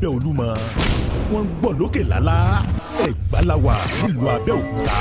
lábẹ́ olúmọ wọ́n ń gbọ́ lókè lálá ẹ̀gbá la wà nílùú abẹ́òkúta.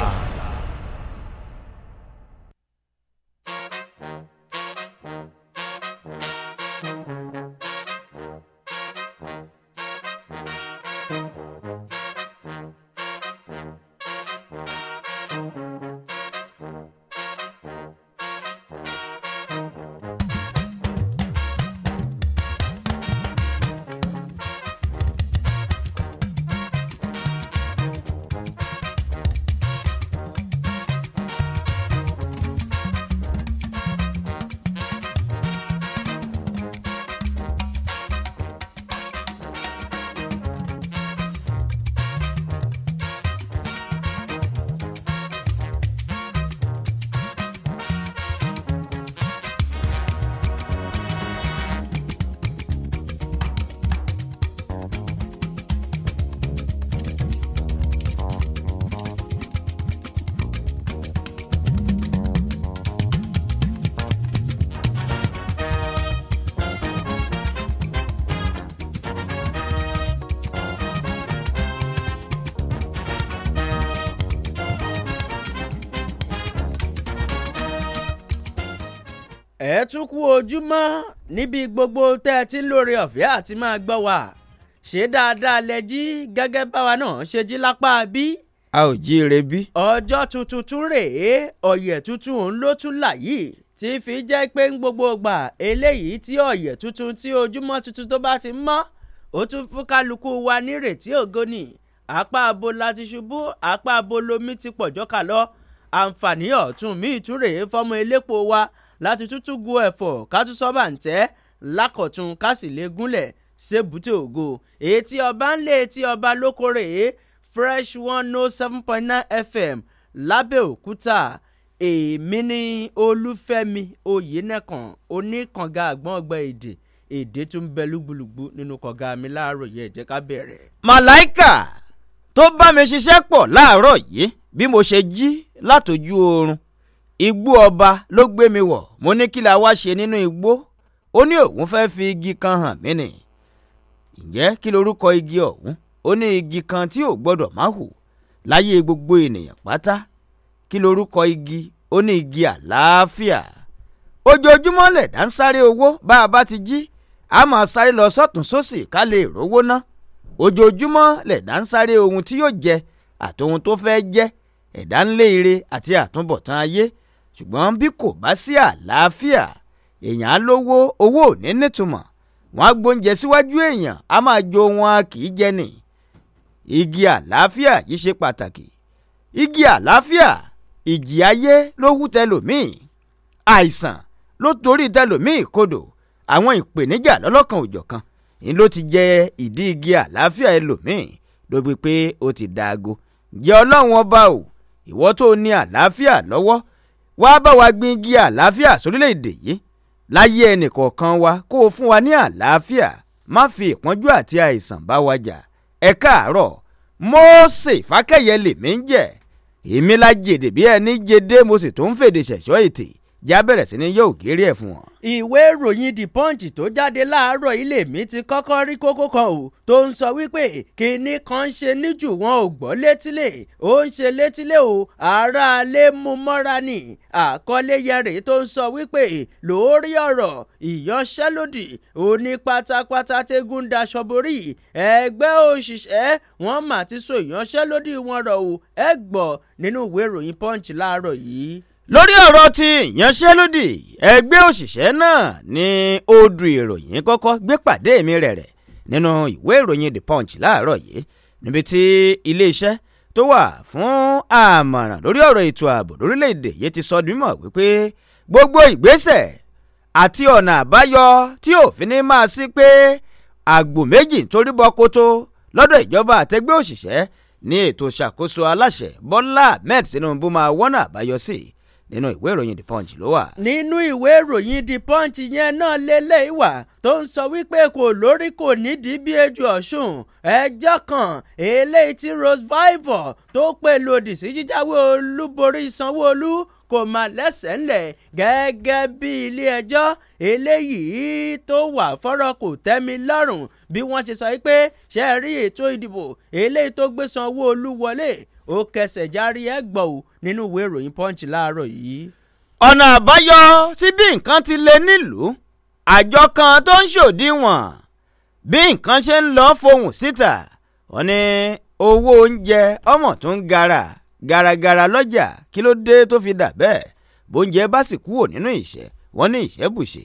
tún kú ojúmọ́ níbi gbogbo tẹ́ ẹ ti ń lóore ọ̀fẹ́ àti máa gbọ́ wa ṣé dáadáa lẹ jí gẹ́gẹ́ báwa náà ṣe jí lápá bí. a ò jí ire bí. ọjọ́ tuntun tún rèé ọ̀yẹ̀ tuntun òun ló tún là yìí tí fi jẹ́ pé ń gbogbo gbà eléyìí tí ọ̀yẹ̀ tuntun tí ojúmọ́ tuntun tó bá ti mọ́ ó tún fún kálukú wa nírètí ògo ni apá abo láti ṣubú apá abo lomi ti pọ̀jọ́ kà lọ àǹfààní ọ̀tún míì tún rèé fọ́mọ elépo wa láti tútú gu ẹ̀fọ́ ká tún sọ́bà ń tẹ́ lákọ̀tún ká sì lè gúnlẹ̀ sébùté ògo ètí ọba ń lé ọba lókòrè fresh one no oh seven point nine fm lábẹ́òkúta èmi ní olúfẹ́mi oyinẹ̀kan oníkànga àgbọ̀n ọgbà èdè èdè tó ń bẹ lúgbúlùgbú nínú kànga mi láàárọ̀ yìí ẹ jẹ́ ká bẹ̀rẹ̀. màláìkà tó bá mi ṣiṣẹ́ pọ̀ láàárọ̀ yìí bí mo ṣe jí látòjú oorun igbó ọba ló gbé mi wọ̀ mo ní kí la wá ṣe nínú igbó ó ní òun fẹ́ fi igi kan hàn mí nì ǹjẹ́ kí lorúkọ igi ọ̀hún ó ní igi kan tí ò gbọ́dọ̀ má hù láyé gbogbo ènìyàn pátá kí lorúkọ igi ó ní igi àlàáfíà ojoojúmọ́ lẹ̀dá ń sáré owó bá a bá ti jí a máa sáré lọ sọ́tún sósì ká lè rówó ná ojoojúmọ́ lẹ̀dá ń ohun tí yóò jẹ àti tó fẹ́ jẹ ẹ̀dá àti àtúbọ̀tán ayé ṣùgbọ́n bí kò bá sí àlàáfíà èèyàn á lówó owó ò ní nítumọ̀ wọ́n á gbóúnjẹ síwájú èèyàn á máa jo wọn kì í jẹ nì. igi àlàáfíà yìí ṣe pàtàkì igi àlàáfíà ìjì ayé ló hù tẹlòmíì àìsàn ló torí tẹlòmíì kodò àwọn ìpèníjà lọ́lọ́kan òjọ̀kan ni ló ti jẹ ìdí igi àlàáfíà ẹlòmíì ló gbé pé ó ti daago jẹ́ ọlọ́run ọba o ìwọ tó ní àlàáfíà lọ́wọ́ wá bá wa gbin igi àlàáfíà sórílẹ̀-èdè yìí láyé ẹnìkọ̀ọ̀kan wa kó o fún wa ní àlàáfíà má fi ìpọ́njú àti àìsàn bá wa jà ẹ káàárọ̀ Mósè Fákẹ́yẹ lèmi ń jẹ́ èmi la bí ẹni jèdè mo sì tún fèdè ṣẹ̀ṣọ́ ètè já bẹ̀rẹ̀ sí ni yóò gírí ẹ̀ fún wọn. ìwé ìròyìn the punch tó jáde láàárọ̀ ilé mi ti kọ́kọ́ rí kókó kan o tó ń sọ wípé kinní kan ń ṣe níjù wọn ò gbọ́ létílé ó ń ṣe létílé o ara lè mú mọ́ra ni àkọlé yẹrè tó ń sọ wípé lórí ọ̀rọ̀ ìyanṣẹ́lódì òní pátápátá tẹ́gùn daṣọ borí ẹgbẹ́ òṣìṣẹ́ wọn mà ti so ìyanṣẹ́lódì wọn rọ̀ o ẹ gbọ́ nínú ìwé ìròyìn punch láàárọ̀ yìí lórí ọ̀rọ̀ ti ìyanṣẹ́lódì ẹgbẹ́ òṣìṣẹ́ náà ni odù ìròyìn kọ́kọ́ gbé pàdé mi rẹ̀rẹ̀ nínú ìwé ìròyìn the punch láàárọ̀ yìí níbi tí iléeṣẹ́ tó wà fún àmọ̀ràn lórí ọ̀rọ̀ ètò ààbò lórílẹ̀‐èdè yìí ti sọ mímọ̀ wípé gbogbo ìgbésẹ̀ àti ọ̀nà àbáyọ tí òfin ní máa sí pé àgbò méjì torí bọ koto lọ́dọ̀ ìjọba àtẹgbẹ́ òṣìṣẹ́ ní ètò ìṣàkóso aláṣẹ Bọ́lá Ahmed Tinubu máa wọ́nà àbáyọ sí i nínú ìwé ìròyìn the punch ló wà. nínú ìwé ìròyìn the punch yẹn náà lélẹ̀ ìwà tó ń sọ wípé kò lórí kò nídìí bí ejò ọ̀ṣun ẹjọ́ kan eléyìí tí rose vivor tó pè lòdì sí jíjáwé olúborí sanwó-olú kò mà lẹ́sẹ̀ ńlẹ̀ gẹ́gẹ́ bí ilé ẹjọ́ eléyìí tó wà fọ́rọ̀ kò tẹ́mi lọ́rùn bí wọ́n ti sọ pé ṣe rí ètò ìdìbò eléyìí tó gbé sanwó wọlé ó kẹsẹ̀ járí ẹ̀ gbọ̀ ò nínú ìwé ìròyìn punch láàárọ̀ yìí. ọ̀nà àbáyọ sí bí nǹkan ti le nílùú àjọ kan tó ń ṣòdiwọ̀n bí nǹkan ṣe ń lọ fohùn síta wọ́n ní owó oúnjẹ ọmọ tó ń gara garagara lọ́jà kí ló dé tó fi dà bẹ́ẹ̀ bóúnjẹ bá sì kúrò nínú ìṣẹ́ wọ́n ní ìṣẹ́ bùṣe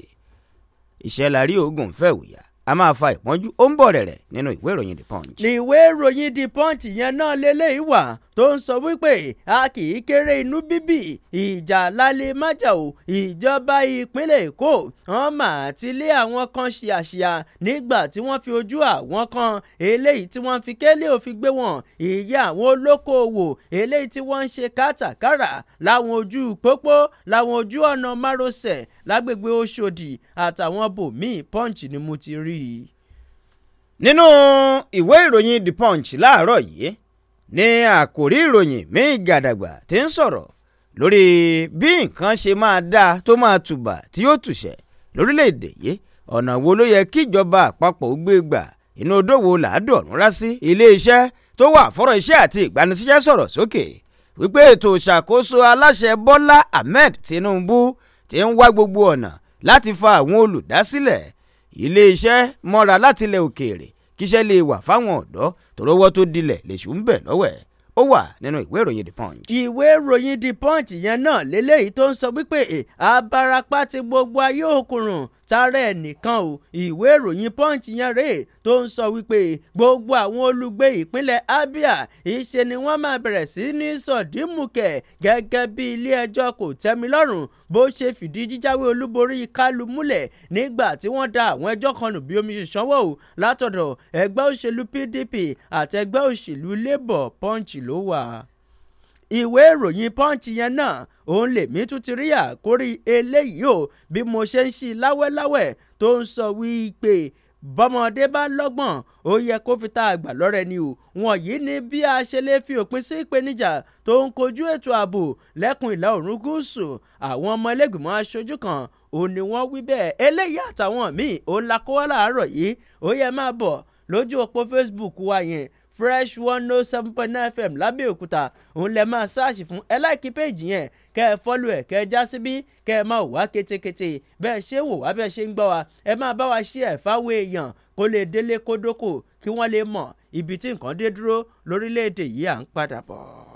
ìṣẹ́ la rí oògùn fẹ́ wùyà a máa fa ìpọ́njú ó ń bọ̀ rẹ̀rẹ̀ nínú ìwé ìròyìn the punch. ní ìwé ìròyìn the punch yẹn náà lélẹ́yìí wà tó ń sọ wípé a kì í kéré inú bíbì ìjà lálẹ́ májà o ìjọba ìpínlẹ̀ Èkó wọn mà ti lé àwọn kan ṣìyàṣìyà nígbà tí wọ́n fi ojú àwọn kan eléyìí tí wọ́n fi kélé òfin gbé wọn ìyá àwọn olókoòwò eléyìí tí wọ́n ń ṣe kátàkárà láwọn ojú pópó láwọn ojú ọ̀nà márosẹ̀ lágbègbè Òṣòdì àtàwọn bòmíì Punch ni mo ti rí i nínú ìwé ìròyìn The Punch láàárọ̀ yìí ní àkòrí ìròyìn míì gàdàgbà tí ń sọ̀rọ̀ lórí bí nǹkan ṣe máa dáa tó máa tùbà tí yóò tùṣẹ̀ lórílẹ̀‐èdè yìí ọ̀nà wo ló yẹ kíjọba àpapọ̀ gbé gbà inú odò wo làádọ́rùn rá sí iléeṣẹ́ tó wà fọ́rọ̀ iṣẹ́ àti ìgbanisíṣẹ́ sọ̀rọ̀ sókè wípé ètò ìṣàkóso aláṣẹ Bọ́lá Ahmed Tinubu ti ń wá gbogbo ọ̀nà láti fa àwọn olùdásílẹ̀ iléeṣẹ́ mọ́ra látilẹ̀ òkèèrè kíṣẹ́ lè wà fáwọn ọ̀dọ́ tòrówọ́ tó dilẹ̀ lèṣù ń bẹ̀ lọ́wọ́ ẹ̀ ó wà nínú ìwé ìròyìn the punch. ìwé ìròyìn the punch yẹn náà lélẹ́yìí tó ń sọ wípé abarapá ti gbogbo ayé òkùnrùn tààrà ẹ̀ nìkan o ìwé ìròyìn punch yẹn rèé tó ń sọ wípé gbogbo àwọn olùgbé ìpínlẹ̀ abia ìṣe ni wọ́n máa bẹ̀rẹ̀ sí ní sọ̀dímùkẹ̀ gẹ́gẹ́ bí ilé ẹjọ́ kò tẹ́milọ́rùn bó ṣe fìdí jíjáwé olúborí kálu múlẹ̀ nígbà tí wọ́n da àwọn ẹjọ́ kan nù bí omi ìṣánwó o látọ̀dọ̀ ẹgbẹ́ òṣèlú pdp àtẹgbẹ́ òṣèlú labour punch ló wà ìwé ìròyìn punch yẹn náà òun lèmi tún ti rí àkórí eléyìí o bí mo ṣe ń ṣí láwẹ́láwẹ́ tó ń sọ wípé bọ́mọdé bá lọ́gbọ̀n ó yẹ kó fi ta àgbà lọ́rẹ ni o wọ̀nyí ni bí a ṣe lè fi òpin sí ìpèníjà tó ń kojú ètò ààbò lẹ́kùn ìlà oòrùn gúúsù àwọn ọmọ ẹlẹ́gbìmọ̀ aṣojú kan òun ni wọ́n wí bẹ́ẹ̀ eléyìí àtàwọn míì òun la kó wá láàárọ̀ yìí ó yẹ máa bọ̀ lójú òpó Facebook wa yẹn fresh one oh seven point nine fm lábẹ́òkúta òun lẹ máa ṣáàṣì fún ẹ láìkí péjì yẹn kẹ ẹ fọ́lù ẹ kẹ ẹ já síbí kẹ ẹ máa wá ketekete bẹ́ẹ̀ ṣe wò wá bẹ́ẹ̀ ṣe ń gbọ́ wa ẹ máa bá wa ṣí ẹ̀ fáwọn èèyàn kó lè délé kódókò kí wọ́n lè mọ̀ ibi tí nǹkan dé dúró lórílẹ̀‐èdè yìí à ń padà bọ̀.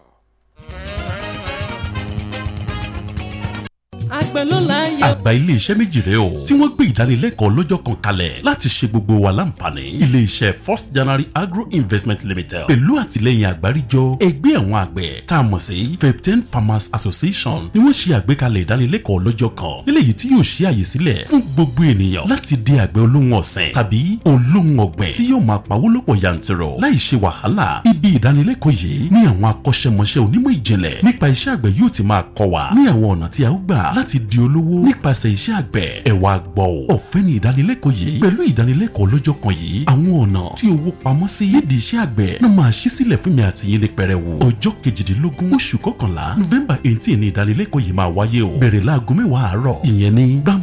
àgbà ilé iṣẹ́ méjì rẹ o tí wọ́n gbé ìdánilẹ́kọ̀ọ́ lọ́jọ́ kan kalẹ̀ láti ṣe gbogbo wa láǹfààní ilé iṣẹ́ first january agro investment limited pẹ̀lú àtìlẹ́yìn àgbáríjọ ẹgbẹ́ àwọn àgbẹ̀ tá a mọ̀ sí fifteen farmers association ni wọ́n ṣe àgbékalẹ̀ ìdánilẹ́kọ̀ọ́ lọ́jọ́ kan léléyìí tí yóò ṣe àyè sílẹ̀ fún gbogbo ènìyàn láti di àgbẹ̀ olóhùn ọ̀sìn tàbí olóhùn ọ̀gbìn tí yóò máa pawó lọ́pọ̀ ibi ìdánilẹ́kọ̀ọ́ yìí ni àwọn akọ́ṣẹ́mọṣẹ́ onímọ̀ ìjìnlẹ̀ nípa iṣẹ́ àgbẹ̀ yóò ti máa kọ́ wa ní láti di olówó nípasẹ̀ iṣẹ́ àgbẹ̀ ẹ wá gbọ́ o ọ̀fẹ́ ni ìdánilẹ́kọ̀ọ́ yìí pẹ̀lú ìdánilẹ́kọ̀ọ́ lọ́jọ́ kan yìí àwọn ọ̀nà tí owó pamọ́ sí nídìí iṣẹ́ àgbẹ̀ náà máa ṣí sílẹ̀ fún mi àti yín ní pẹrẹwu ọjọ́ kejìdínlógún oṣù kọkànlá november eighteen ni ìdánilẹ́kọ̀ọ́ yìí máa wáyé o bẹ̀rẹ̀ láago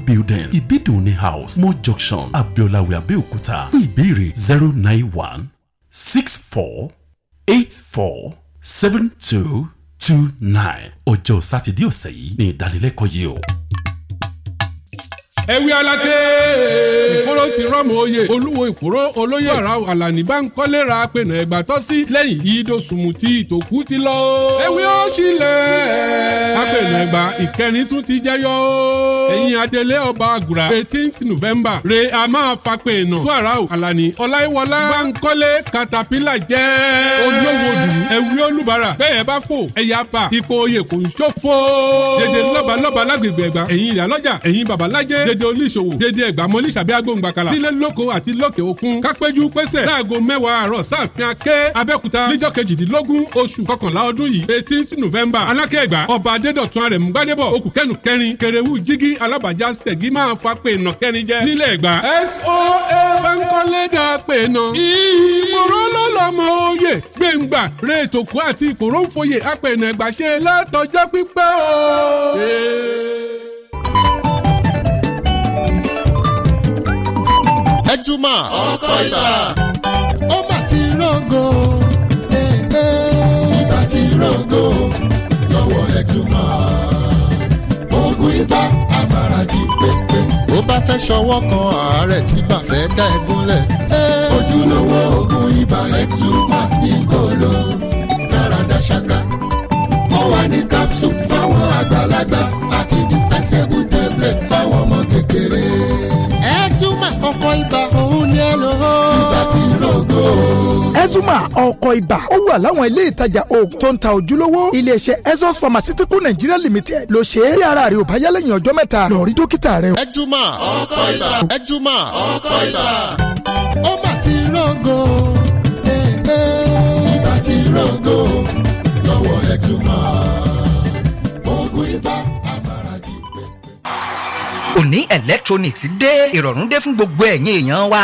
building ìbídùn house mo junction abiolawe abeokuta fún ìbéèrè zero nine one six four eight four seven two two nine ọjọ́ sátidé ọ̀sẹ̀ yìí ni ìdánilẹ́kọ̀ọ́ yìí o ewì alákẹ́ ìkóró ti rọ́mọ oyè olúwo ìkóró olóyè ọ̀rá àlàní bá ń kọ́lé ra pẹ̀nà ẹ̀gbà tọ́sí lẹ́yìn ìdòsùnmù tí ìtòkú ti lọ. ewì ó ṣílẹ̀. apẹ̀nà ẹ̀gbà ìkẹrin tún ti jẹyọ. ẹ̀yin adelé ọba àgùrà eighteenth november re a máa fa pẹ̀nà suwara àlàní ọláyíwọlá bá ń kọ́lé katapila jẹ́ olówodù ewì olúbara bẹ́ẹ̀ bá fò ẹ̀yà bà ipò oyè kò ń ṣòfò. dèdè lọ́balọ́ba lágbègbè ẹ̀gbà ẹ̀yin ìyálọ́jà ẹ̀yin babalájẹ́ dédé oníṣòwò dédé ẹgbàmọ́ oníṣàbí agbóhùngbàkàlà nílé lóko àti lókè òkun kápẹ́jú pẹ́sẹ̀ láago mẹ́wàá àárọ̀ sáàfin ké abẹ́òkúta níjọ́ kejìdínlógún oṣù kọkànlá ọdún yìí eighteen november alákẹ́gbà ọba adédọ̀tun arẹ̀mú gbádébọ̀ òkú kẹ́nu kẹrin kẹrẹwù jígí alábàjá sẹ̀gí máa fa pé nà kẹrin jẹ nílẹ̀ ẹ̀gbà. soa bankole dà pé nà. ìmọ̀ràn lọ́lọ́mọ oyè gbẹ̀ngbà rẹ̀ àti ìkòròǹfòyè apẹ̀nà ẹ̀gbà ṣe látọjọ́ pípẹ́ o. gbajúmọ̀ ọkọ ibà ó bá ti rògo ibà eh, eh. ti rògo lọ́wọ́ ẹ̀túmọ̀ oògùn ibà abarajì pépé. ó bá fẹ́ ṣọwọ́ kan àárẹ̀ tí bá fẹ́ dá eh. ẹ gúnlẹ̀. ojúlówó oògùn ibà ẹ̀túmọ̀ ní kòló dáradá ṣáká ó wà ní capsule fáwọn àgbàlagbà àti dispensable tablet fáwọn ọmọ kékeré. ezuma ọkọ̀ ibà ó wà láwọn ilé ìtajà oògùn tó ń ta ojúlówó iléeṣẹ́ ezos pharmaceutical nigeria limited ló ṣe é bí ara rẹ ò bá yá lẹ́yìn ọjọ́ mẹ́ta lọ rí dókítà rẹ. ezuma ọkọ̀ ibà ezuma ọkọ̀ ibà ó bá ti rọgọ eh, eh. ibà ti rọgọ lọ́wọ́ ezuma oògùn ibà òní electronics dé ìrọ̀rùn dé fún gbogbo ẹ̀yin èèyàn wa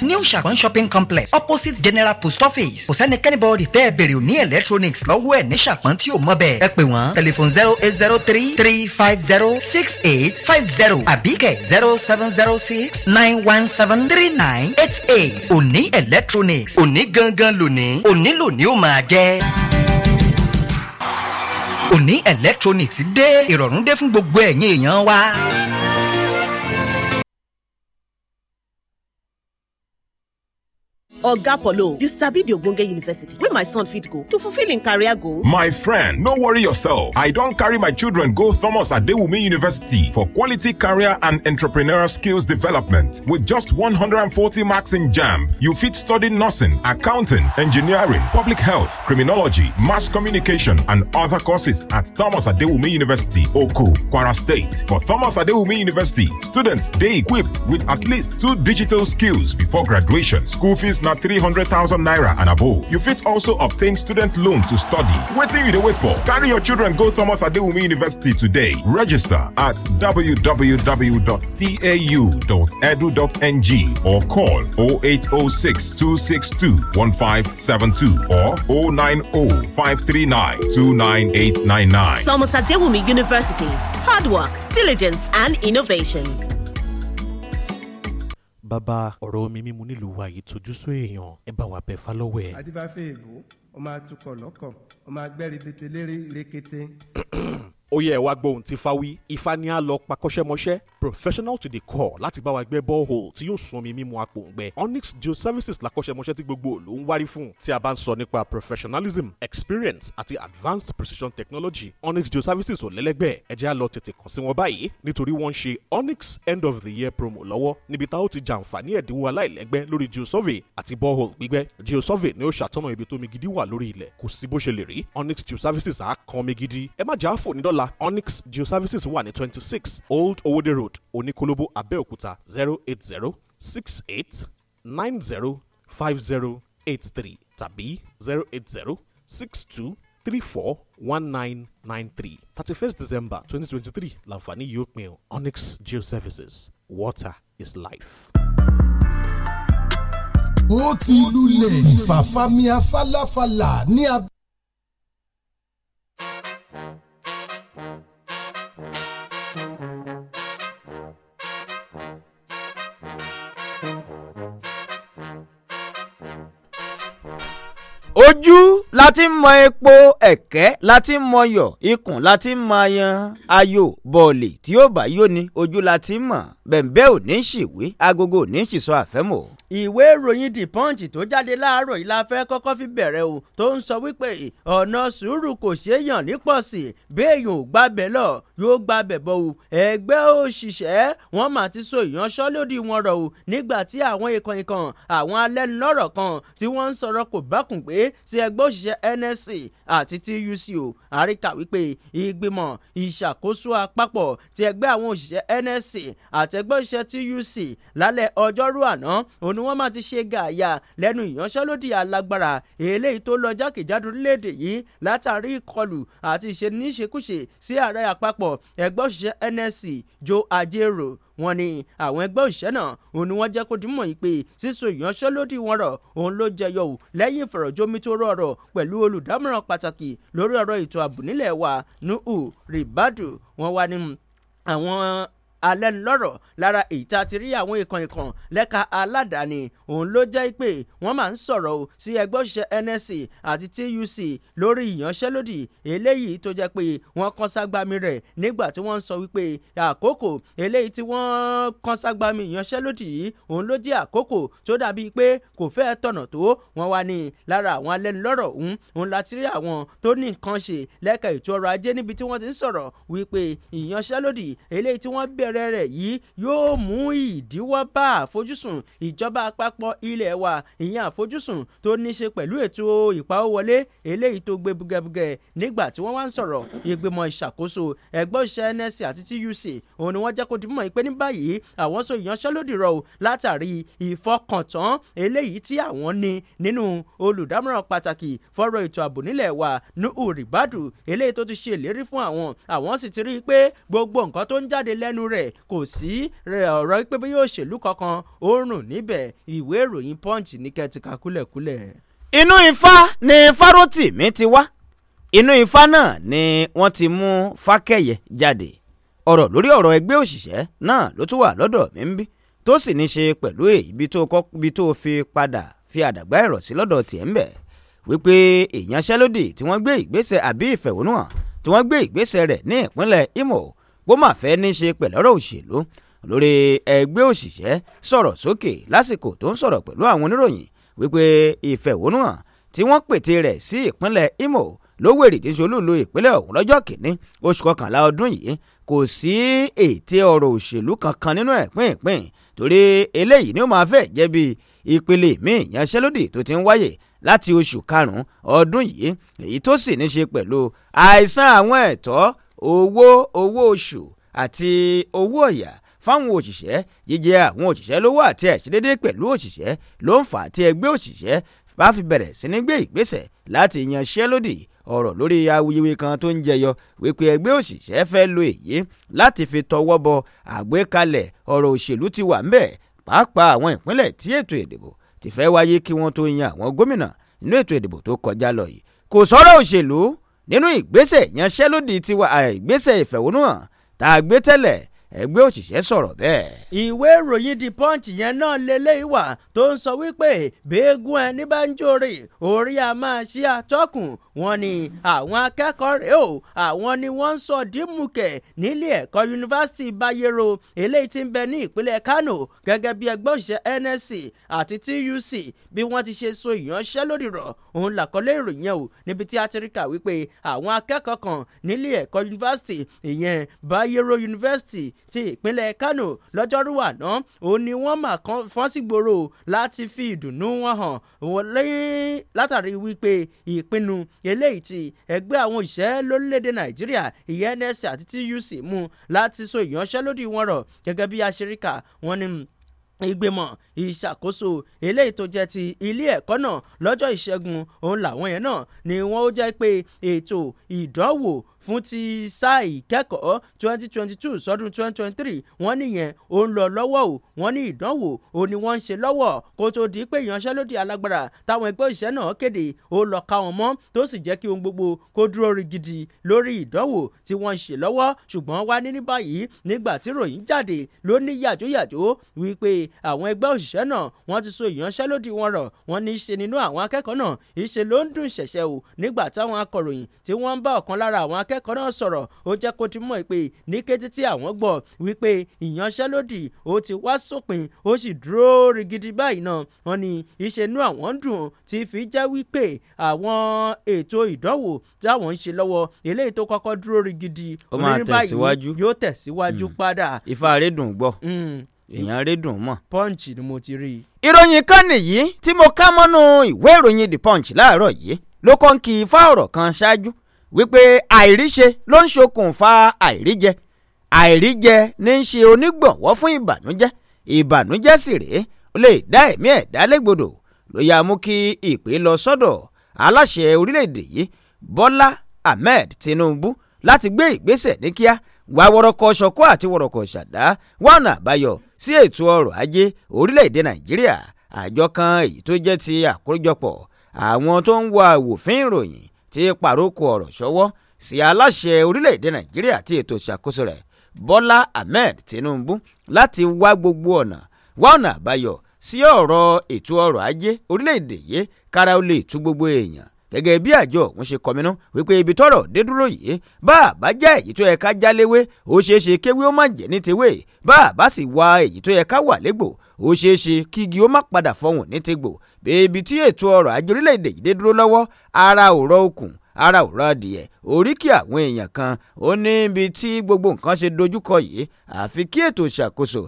new Shagon shopping complex opposite general post office kò sẹ́nikẹ́ni bọ́ọ̀dì tẹ́ ẹ bèrè ní electronics lọ́wọ́ ẹ̀ ní Shagon tí o mọ̀ bẹ́ẹ̀ ẹ pè wọ́n tẹlifon zero eight zero three three five zero six eight five zero àbíkẹ́ zero seven zero six nine one seven three nine eight eight òní electronics òní gangan lónìí òní lónìí ó máa jẹ́ òní electronics dé ìrọ̀rùn dé fún gbogbo ẹ̀yin èèyàn wa. oga polo you sabi your ogbonge university Where my son fit go to fulfill in career goals. my friend no worry yourself i don't carry my children go thomas adewumi university for quality career and entrepreneurial skills development with just 140 marks in jamb you fit study nursing accounting engineering public health criminology mass communication and other courses at thomas adewumi university Oku, kwara state for thomas adewumi university students stay equipped with at least two digital skills before graduation school fees now. 300,000 naira and above. You fit also obtain student loan to study. Waiting you to wait for. Carry your children go Thomas Adewumi University today. Register at www.tau.edu.ng or call 0806 262 1572 or 090 539 Thomas Adewumi University. Hard work, diligence, and innovation. bàbá ọ̀rọ̀ omi mímu nílùú wa yìí tójú sọ èèyàn ẹ bá wa bẹ̀ fálọ́wẹ̀. adífáfẹ́ èlò ọmọ atukọ̀ lọ́kọ̀ ọmọ agbẹ́rìbẹ̀tẹ̀ lérè rékété ó yẹ wá gbóhùn tí fa wí ifá ní á lọ pa kọ́ṣẹ́mọṣẹ́ professional to the core láti bá wa gbẹ́ borehole tí yóò sunmi mímu apòǹgbẹ onyx geoservices la kọ́ṣẹ́mọṣẹ́ tí gbogbo òòlù ń wárí fún tí a bá ń sọ nípa professionalism experience àti advanced precision technology onyx geoservices ò lẹ́lẹ́gbẹ́ ẹ jẹ́ á lọ tètè kàn sí wọn báyìí nítorí wọ́n ń ṣe onyx end of the year promo lọ́wọ́ níbi tá ó ti jàǹfààní ẹ̀dínwó aláìlẹ́gbẹ́ lórí survey àti borehole gbígbẹ́ survey ni ó ṣàtọ́nà ibi tó mi gidi wà lórí ilẹ̀ kò sí bó ṣe lè rí onyx geoservices á kan mi gidi ẹ má jà á fò ní dọ́là Ọlá Onyx Geoservices wà ní twenty six Old Owode Road Oníkólóbó Abẹ́òkúta zero eight zero six eight nine zero five zero eight three tàbí zero eight zero six two three four one nine nine three thirty first December twenty twenty three Yoke Mail Onyx Geoservices water is life ó ti lulẹ̀ ìfàfàmìà falafala ní abẹ́. ojú la ti ń mọ epo ẹ̀kẹ́ la ti ń mọ yọ̀ ikùn la ti ń mọ ayan ayò bọ̀ọ̀lì tí ó bá yóni ojú la mọ̀ bẹ̀ǹbẹ́ ò ní ṣìwé agogo ò ní ṣìṣọ́ àfẹ́mọ̀ ìwé ìròyìn the punch tó jáde láàárọ̀ yìí la fẹ́ kọ́kọ́ fi bẹ̀rẹ̀ o tó ń sọ wípé ọ̀nà sùúrù kò ṣeé yàn nípọ̀sí béèyàn ò gbàbẹ̀ lọ yóò gbàbẹ̀ bọ̀ o ẹgbẹ́ òṣìṣẹ́ wọn mà ti so ìyanṣẹ́lódì wọn rọ̀ o nígbà tí àwọn ìkànnì kan àwọn alẹ́nulọ́rọ̀ kan tí wọ́n ń sọ̀rọ̀ kò bákùn pé sí ẹgbẹ́ òṣìṣẹ́ nsc àti tuco àríkà wípé ìgbìmọ̀ ìṣàkóso àpapọ̀ ti ẹgbẹ́ àwọn òṣìṣẹ́ nsc àtẹgbẹ́ òṣìṣẹ́ tuc lálẹ́ ọjọ́rú àná òun ni wọ́n máa ti ṣe gààyà lẹ́nu ìyanṣẹ́lódì alágbára eléyìí tó lọ jákèjádò orílẹ̀-èdè yìí látàrí ìkọlù àti ìṣeníṣekúṣe sí ààrẹ àpapọ̀ ẹgbẹ́ òṣìṣẹ́ NSC Joe Ajero wọ́n ní àwọn ẹgbẹ́ òṣìṣẹ́ náà òun ni wọ́n jẹ́ kó dímọ̀ yìí pé sísun ìyanṣẹ́lódì wọn rọ̀ òun ló jẹyọ ò lẹ́yìn ìfọ̀rọ̀jomitoro ọ̀rọ̀ pẹ̀lú olùdámọ̀ràn pàtàkì lórí ọ̀rọ̀ ètò ààbò nílẹ̀ wa Nuhu Ribadu wọ́n wá ní àwọn alẹ́nulọ́rọ̀ lára èyí tá a ti rí àwọn ìkànnì kan lẹ́ka aládàáni òun ló jẹ́ pé wọ́n máa ń sọ̀rọ̀ o sí ẹgbẹ́ òṣìṣẹ́ nsc àti tuc lórí ìyanṣẹ́lódì eléyìí tó jẹ́ pé wọ́n kan ságbami rẹ̀ nígbà tí wọ́n ń sọ wípé àkókò eléyìí tí wọ́n kan ságbami ìyanṣẹ́lódì yìí òun ló jẹ́ àkókò tó dàbíi pé kò fẹ́ tọ̀nà tó wọ́n wá ní lára àwọn alẹ́nulọ́rọ̀ òun òun láti rí ẹ̀kúnrẹ́rẹ́ rẹ̀ yìí yóò mú ìdíwọ́ bá àfojúsùn ìjọba àpapọ̀ ilẹ̀ wa ìyẹn àfojúsùn tó ní ṣe pẹ̀lú ètò ìpawówọlé eléyìí tó gbé búgẹ́búgẹ́ nígbà tí wọ́n wá ń sọ̀rọ̀ ìgbìmọ̀ ìṣàkóso ẹgbẹ́ òṣìṣẹ́ nsc àti tuc òun ni wọ́n jẹ́ kó di mímọ̀ pé ní báyìí àwọn so ìyanṣẹ́lódì rọ̀ látàrí ìfọkàntán eléyìí tí àwọn ní nínú olùdámọ̀ràn pàtàkì fọ́rọ̀ ètò ààbò nílẹ̀ wa nuhu ribadu eléyìí tó ti ṣe ìlérí fún àwọn àwọn sì ti rí i pé gbogbo nǹkan tó ń jáde lẹ́nu rẹ̀ bẹ́ẹ̀ kò sí ọ̀rọ̀ pé bí yóò ṣèlú kankan oorun níbẹ̀ ìwé ìròyìn punch ní kẹtìkà kúlẹ̀kúlẹ̀. inú ifá ni fárótìmí ti wá inú ifá náà ni wọ́n ti mú fákẹ́yẹ jáde ọ̀rọ̀ lórí ọ̀rọ̀ ẹgbẹ́ òṣìṣẹ́ náà ló tún wà lọ́dọ̀ mi ń bí tó sì ní ṣe pẹ̀lú ibi tó fi padà fi àdàgbà ẹ̀rọ̀ sí lọ́dọ̀ tiẹ̀ ń bẹ̀ wípé ìyanṣẹ́lódì tí wọ́n gbé ìgbésẹ̀ àbí ìfẹ̀hónúhàn tí wọ́n gbé ìgbésẹ̀ rẹ̀ ní ìpínlẹ̀ Imo kó má fẹ́ ní ṣe pẹ̀lọ́rọ̀ òṣèlú olórí ẹgbẹ́ òṣìṣẹ́ sọ̀rọ̀ sókè lásìkò tó ń sọ̀rọ̀ pẹ̀lú àwọn oníròyìn wípé ìfẹ̀hónúhàn tí wọ́n pète rẹ̀ sí ìpínlẹ̀ Imo lówèrè tí ń ṣe olúùlú ìpínlẹ̀ ọ̀hún lọ́jọ́ kìíní oṣù kọkànlá ọdún yìí kò sí ète ọ̀rọ̀ òṣèlú kankan nínú ẹ̀ pínpín torí eléyìí ni ó máa fẹ́ jẹ́ bí ìpele míì ìyanṣẹ́lódì tó ti ń wáyè láti oṣù karùn-ún ọdún yìí èyí tó sì ní ṣe pẹ̀lú àìsàn àwọn ẹ̀tọ́ owó owó oṣù àti owó ọ̀yà fáwọn òṣìṣẹ́ jíjẹ àwọn òṣìṣẹ́ lówó àti àìṣedéédé pẹ̀lú òṣìṣẹ́ ló ń fà á tí ẹgbẹ́ òṣìṣẹ́ bá fi bẹ̀rẹ̀ sí ní gbé ìgbésẹ̀ láti yanṣẹ́lódì ọ̀rọ̀ lórí awuyewuye kan tó ń jẹyọ wípé ẹgbẹ́ òṣìṣẹ́ fẹ́ lo èyí láti fi tọwọ́ bọ àgbékalẹ̀ ọ̀rọ̀ òṣèlú ti wà ńbẹ̀ pàápàá àwọn ìpínlẹ̀ tí ètò ìdìbò ti fẹ́ wáyé kí wọ́n tó yan àwọn gómìnà nínú ètò ìdìbò tó kọjá lọ yìí kò sọ̀rọ̀ òṣèlú nínú ìgbésẹ̀ ìyanṣẹ́lódì tiwa ìgbésẹ̀ ìfẹ̀hónúhàn tá a gbé tẹ́lẹ̀ ẹgbẹ́ òṣìṣẹ́ sọ̀rọ̀ bẹ́ẹ̀. ìwé ìròyìn The Punch yẹn náà lélẹ́yìí wà tó ń sọ wípé béègùn ẹ ní bá ń jòrè orí a máa ṣe àtọ́kùn wọn ni àwọn akẹ́kọ̀ọ́ rẹ̀ o àwọn ni wọ́n ń sọ dímùkẹ̀ nílé ẹ̀kọ́ yunifásitì Bayero eléyìí tí ń bẹ ní ìpínlẹ̀ Kano gẹ́gẹ́ bí ẹgbẹ́ òṣìṣẹ́ NSC àti TUC bí wọ́n ti ṣe so ìyanṣẹ́lódì rọ̀ òun làkọ́lé ìròyìn o níbi tí a ti rí kà wípé àwọn akẹ́kọ̀ọ́ kan nílé ẹ̀kọ́ yunifásitì ìyẹn Bayero University ti ìpínlẹ̀ kano lọ́jọ́rú àná òun ni wọ́n mà kán fọ́n láti fi ìdùnnú wọn hàn wọlé látàrí wípé ìpinnu eléyìí ti ẹgbẹ́ àwọn òṣìṣẹ́ lórílẹ̀‐èdè nàìjíríà ìyẹn nsc àti tuc mú láti so ìyanṣẹ́lódì wọn rọ̀ gẹ́gẹ́ bí aṣeríkà wọn ni ìgbìmọ̀ ìṣàkóso eléyìí tó jẹ́ ti ilé ẹ̀kọ́ náà lọ́jọ́ ìṣẹ́gun òun làwọn yẹn náà ni wọ́n jẹ́ pé ètò ìdánwò fún ti sáà ìkẹ́kọ̀ọ́ twenty twenty two sọdún twenty twenty three wọ́n nìyẹn ó ń lọ lọ́wọ́ o wọ́n ní ìdánwò o ni wọ́n ń ṣe lọ́wọ́ kó tó di pé ìyanṣẹ́lódì alágbára táwọn ẹgbẹ́ òṣìṣẹ́ náà kéde ó lọ ka wọn mọ́ tó sì jẹ́ kí ohun gbogbo kó dúró rigidi lórí ìdánwò tí wọ́n ń ṣe lọ́wọ́ ṣùgbọ́n wá ní ní báyìí nígbà tí ròyìn jáde ló ní yàjóyàjó wípé àwọn ẹgbẹ́ òṣìṣẹ́ náà wọ́n ti so ìyanṣẹ́lódì wọn rọ̀ wọ́n ní í ṣe nínú àwọn akẹ́kọ̀ọ́ náà ìṣe ló ń dùn ṣẹ̀ṣẹ̀ o nígbà táwọn akọ̀ròyìn tí wọ́n ń bá ọ̀kan lára àwọn ak akẹ́kọ̀ọ́ náà sọ̀rọ̀ ó jẹ́ kó ti mọ̀ pé ní kété tí àwọn gbọ́ wípé ìyanṣẹ́lódì ó ti wá sópin ó sì dúró rigidi báyìí náà wọ́n ní ìṣẹ́nú àwọn ń dùn tí fi jẹ́ wípé àwọn ètò ìdánwò táwọn ń ṣe lọ́wọ́ eléyìí tó kọ́kọ́ dúró rigidi onírí báyìí yóò tẹ̀síwájú hmm. padà. ìfà àrédùn gbọ́ hmm. èèyàn rédùn mọ. punch ni mo ti rí i. ìròyìn kan nìyí tí mo ká mọ́nú ìwé ìròyìn the punch láàárọ̀ yìí ló kọ́ ń kí ifá ọ̀rọ̀ kan ṣáájú wípé àìríṣe ló ń ṣokùnfà àìríjẹ àìríjẹ ní í ṣe onígbọ̀wọ́ fún ìbànújẹ́ ìbànújẹ́ sì rèé ó lè dá ẹ̀mí ẹ̀dá légbodò ló yá mú kí ìpè lọ sọ́dọ̀ aláṣẹ orílẹ̀-èdè yìí Bọ́lá Ahmed Tinubu láti gbé ìgbésẹ̀ ní kíá wá wọ́rọ́kọ́ ṣọ̀kọ́ àti wọ́rọ́kọ́ ṣàdá wá àbáyọ sí ètò ọrọ̀ ajé orílẹ̀-èdè Nàìjíríà àjọ kan èyí tó jẹ́ ti àkójọpọ̀ àwọn tó ń wo àwòfín ìròyìn ti pàrókò ọ̀rọ̀ ṣọwọ́ sí aláṣẹ orílẹ̀-èdè nàìjíríà àti ètò ìṣàkóso rẹ̀ bọ́lá ahmed tinubu láti wá gbogbo ọ̀nà wá ọ̀nà àbáyọ sí ọ̀rọ̀ ètò ọrọ̀ ajé orílẹ̀-èdè yìí kára ó lè tú gbogbo èèyàn gẹ́gẹ́ bí àjọ ọ̀hún ṣe kọminú wípé ibi tọ́rọ̀ dé dúró yìí bá a bá jẹ́ èyí tó yẹ ká já léwé ó ṣeé ṣe kéwé ó má jẹ́ ní tewé bá a bá sì wá èyí tó yẹ ká wà légbò ó ṣeé ṣe kí igi ó má padà fọhùn ní tegbò bẹ́ẹ̀bi tí ètò ọrọ̀ ajé orílẹ̀-èdè yìí dé dúró lọ́wọ́ ara òrọ̀ okùn ara òrọ̀ adìyẹ oríkì àwọn èèyàn kan ó ní ibi tí gbogbo nǹkan ṣe dojúkọ yìí àfi kí ètò ìṣàkóso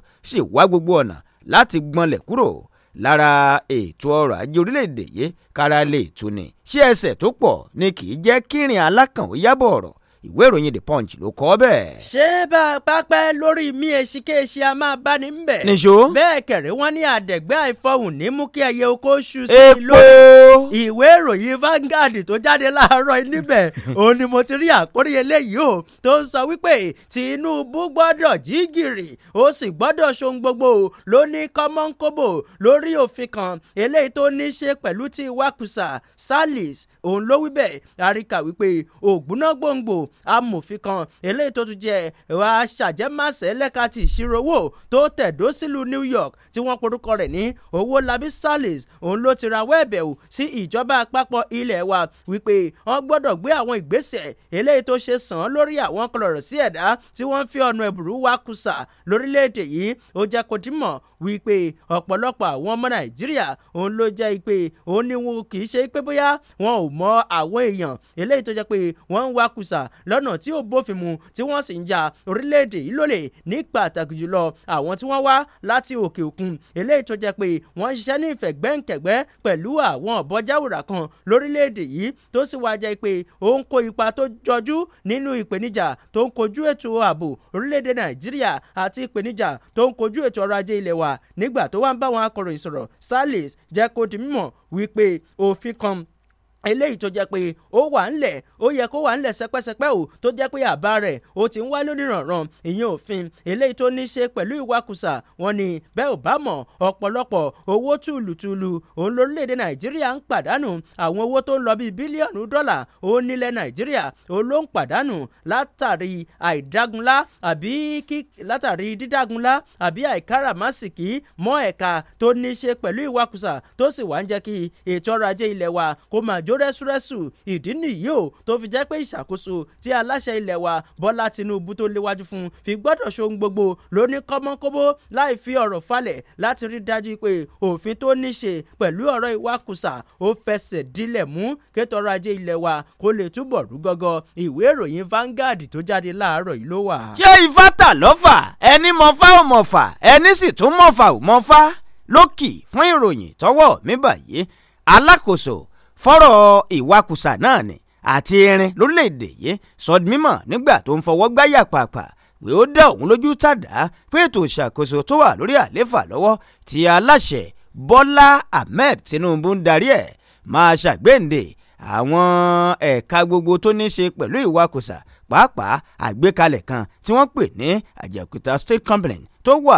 lára ètò ọrọ̀ ajé orílẹ̀-èdè yìí kára lè tuni ṣé ẹsẹ̀ tó pọ̀ ni kì í jẹ́ kírìn alákàn yábọ̀ ọ̀rọ̀ ìwé ìròyìn the punch ló kọ bẹ́ẹ̀. ṣé bá a bá pẹ́ lórí mi èsìkéèsì a máa bá ní bẹ̀. níṣó. bẹ́ẹ̀ kẹ̀rẹ́ wọn ní àdẹ̀gbẹ́ àìfọhùn ní mú kí ẹyẹ oko ṣu sí i lọ. epo. ìwé ìròyìn Vanguard tó jáde láàárọ̀ níbẹ̀ òun ni mo ti rí àkórí eléyìí o tó ń sọ wípé Tinubu gbọ́dọ̀ jí gìrì ó sì gbọ́dọ̀ ṣohun gbogbo ló ní kọ́mọ́ńkóbò lórí òfin kan eléyìí tó ní salis òun ló wí bẹ́ẹ̀ àríkà wípé ògbóná gbòǹgbò amòfin kan eléyìí tó tún jẹ́ wa á ṣàjẹmásẹ́ lẹ́ka ti ìṣirò owó tó tẹ̀dó sílùú New York tí wọ́n porúkọ rẹ̀ ní Owólabí Salis òun ló ti rawọ́ ẹ̀bẹ̀ wò sí ìjọba àpapọ̀ ilẹ̀ wa wípé wọ́n gbọ́dọ̀ gbé àwọn ìgbésẹ̀ eléyìí tó ṣe sàn án lórí àwọn kọlọ̀rọ̀ sí ẹ̀dá tí wọ́n fi ọ̀nà ẹ̀bùrú wa kùsà lórílẹ̀‐èdè yìí ó jẹ́ kó dìmọ̀ wípé ọ̀pọ̀lọpọ̀ àwọn ọmọ nàìjíríà òun ló jẹ́ pé òun ni wọn kì í ṣe pé bóyá wọn ò mọ àwọn èèyàn eléyìí tó jẹ́ pé wọ́n ń wakùsà lọ́nà tí ò bófin mu tí wọ́n sì ń ja orílẹ̀-èdè yìí lólè ní pàtàkì jùlọ àwọn tí wọ́n wá láti òkè òkun eléyìí tó jẹ́ pé wọ́n ń ṣiṣẹ́ ní ìfẹ̀gbẹ́ǹkẹ̀gbẹ́ pẹ̀lú àwọn ọ̀bọ̀jáwùrà kan lórílẹ̀-èdè yìí tó sì wá jẹ́ pé ó ń kó ipa tó jọjú nínú ìpèníjà tó ń kojú ètò ààbò orílẹ̀-èdè nàìjíríà àti ìpèníjà tó ń kojú ètò ọrọ̀ ajé ilẹ̀ wa nígbà tó wá ń bá wọn akọ̀ròyìn sọ̀rọ̀ Salis jẹ́ kó di mímọ̀ wípé òfin kan eléyìí tó jẹ́ pé ó wà ńlẹ̀ ó yẹ kó wà ńlẹ̀ sẹpẹ́sẹpẹ́ o tó jẹ́ pé àbá rẹ̀ ó ti ń wá lónìrànràn ìyẹn òfin eléyìí tó ní ṣe pẹ̀lú ìwakùsà wọn ni bẹ́ẹ̀ ò bá mọ̀ ọ̀pọ̀lọpọ̀ owó tùlùtùlù òun lórílẹ̀‐èdè nàìjíríà ń pàdánù àwọn owó tó ń lọ bíi bílíọ̀nù dọ́là ó nílẹ̀ nàìjíríà ó ló ń pàdánù látàrí àìdágunlá àbí kí látàrí dídágunlá àbí àìkáràmásìkí mọ́ ẹ̀ka tó ní ṣe pẹ̀lú ìwakùsà tó sì jó rẹ́súrẹ́sù ìdí nìyí o tó fi jẹ́ pé ìṣàkóso tí aláṣẹ ilẹ̀ wa bọ́lá tinubu tó léwájú fún fi gbọ́dọ̀ ṣohun gbogbo lóní kọ́mọ́kóbó láì fi ọ̀rọ̀ falẹ̀ láti rí dájú pé òfin tó ní ṣe pẹ̀lú ọ̀rọ̀ ìwakùsà ó fẹsẹ̀ dílẹ̀ mú kétọ́ ọrọ̀ ajé ilẹ̀ wa kó lè túbọ̀ rú gọ́gọ́ ìwé ìròyìn Vanguard tó jáde láàárọ̀ yìí ló wà. ṣé ifá tà lọ́fà ẹni mọ̀fá ò mọ̀fà ẹni sì tún mọ̀fà ò mọ̀fá lókì fún ìròyìn tọwọ́ mi báyìí alákòóso fọ́rọ̀ ìwakùsà náà ni àti irin lórílẹ̀‐èdè yìí sọdí mímọ̀ nígbà tó ń fọwọ́ gbáyà pàpà pé ó dá òun lójú tàdá pé ètò ìṣàkóso tó wà lórí àléfà lọ́wọ́ ti aláṣẹ Bọ́lá Ahmed Tinubu ń darí ẹ̀ máa ṣàgbéǹde àwọn ẹ̀ka gbogbo tó ní ṣe pẹ̀lú ìwakùsà pàápàá àgbékalẹ̀ kan tí wọ́n pè ní Àjàòkúta State Company tó wà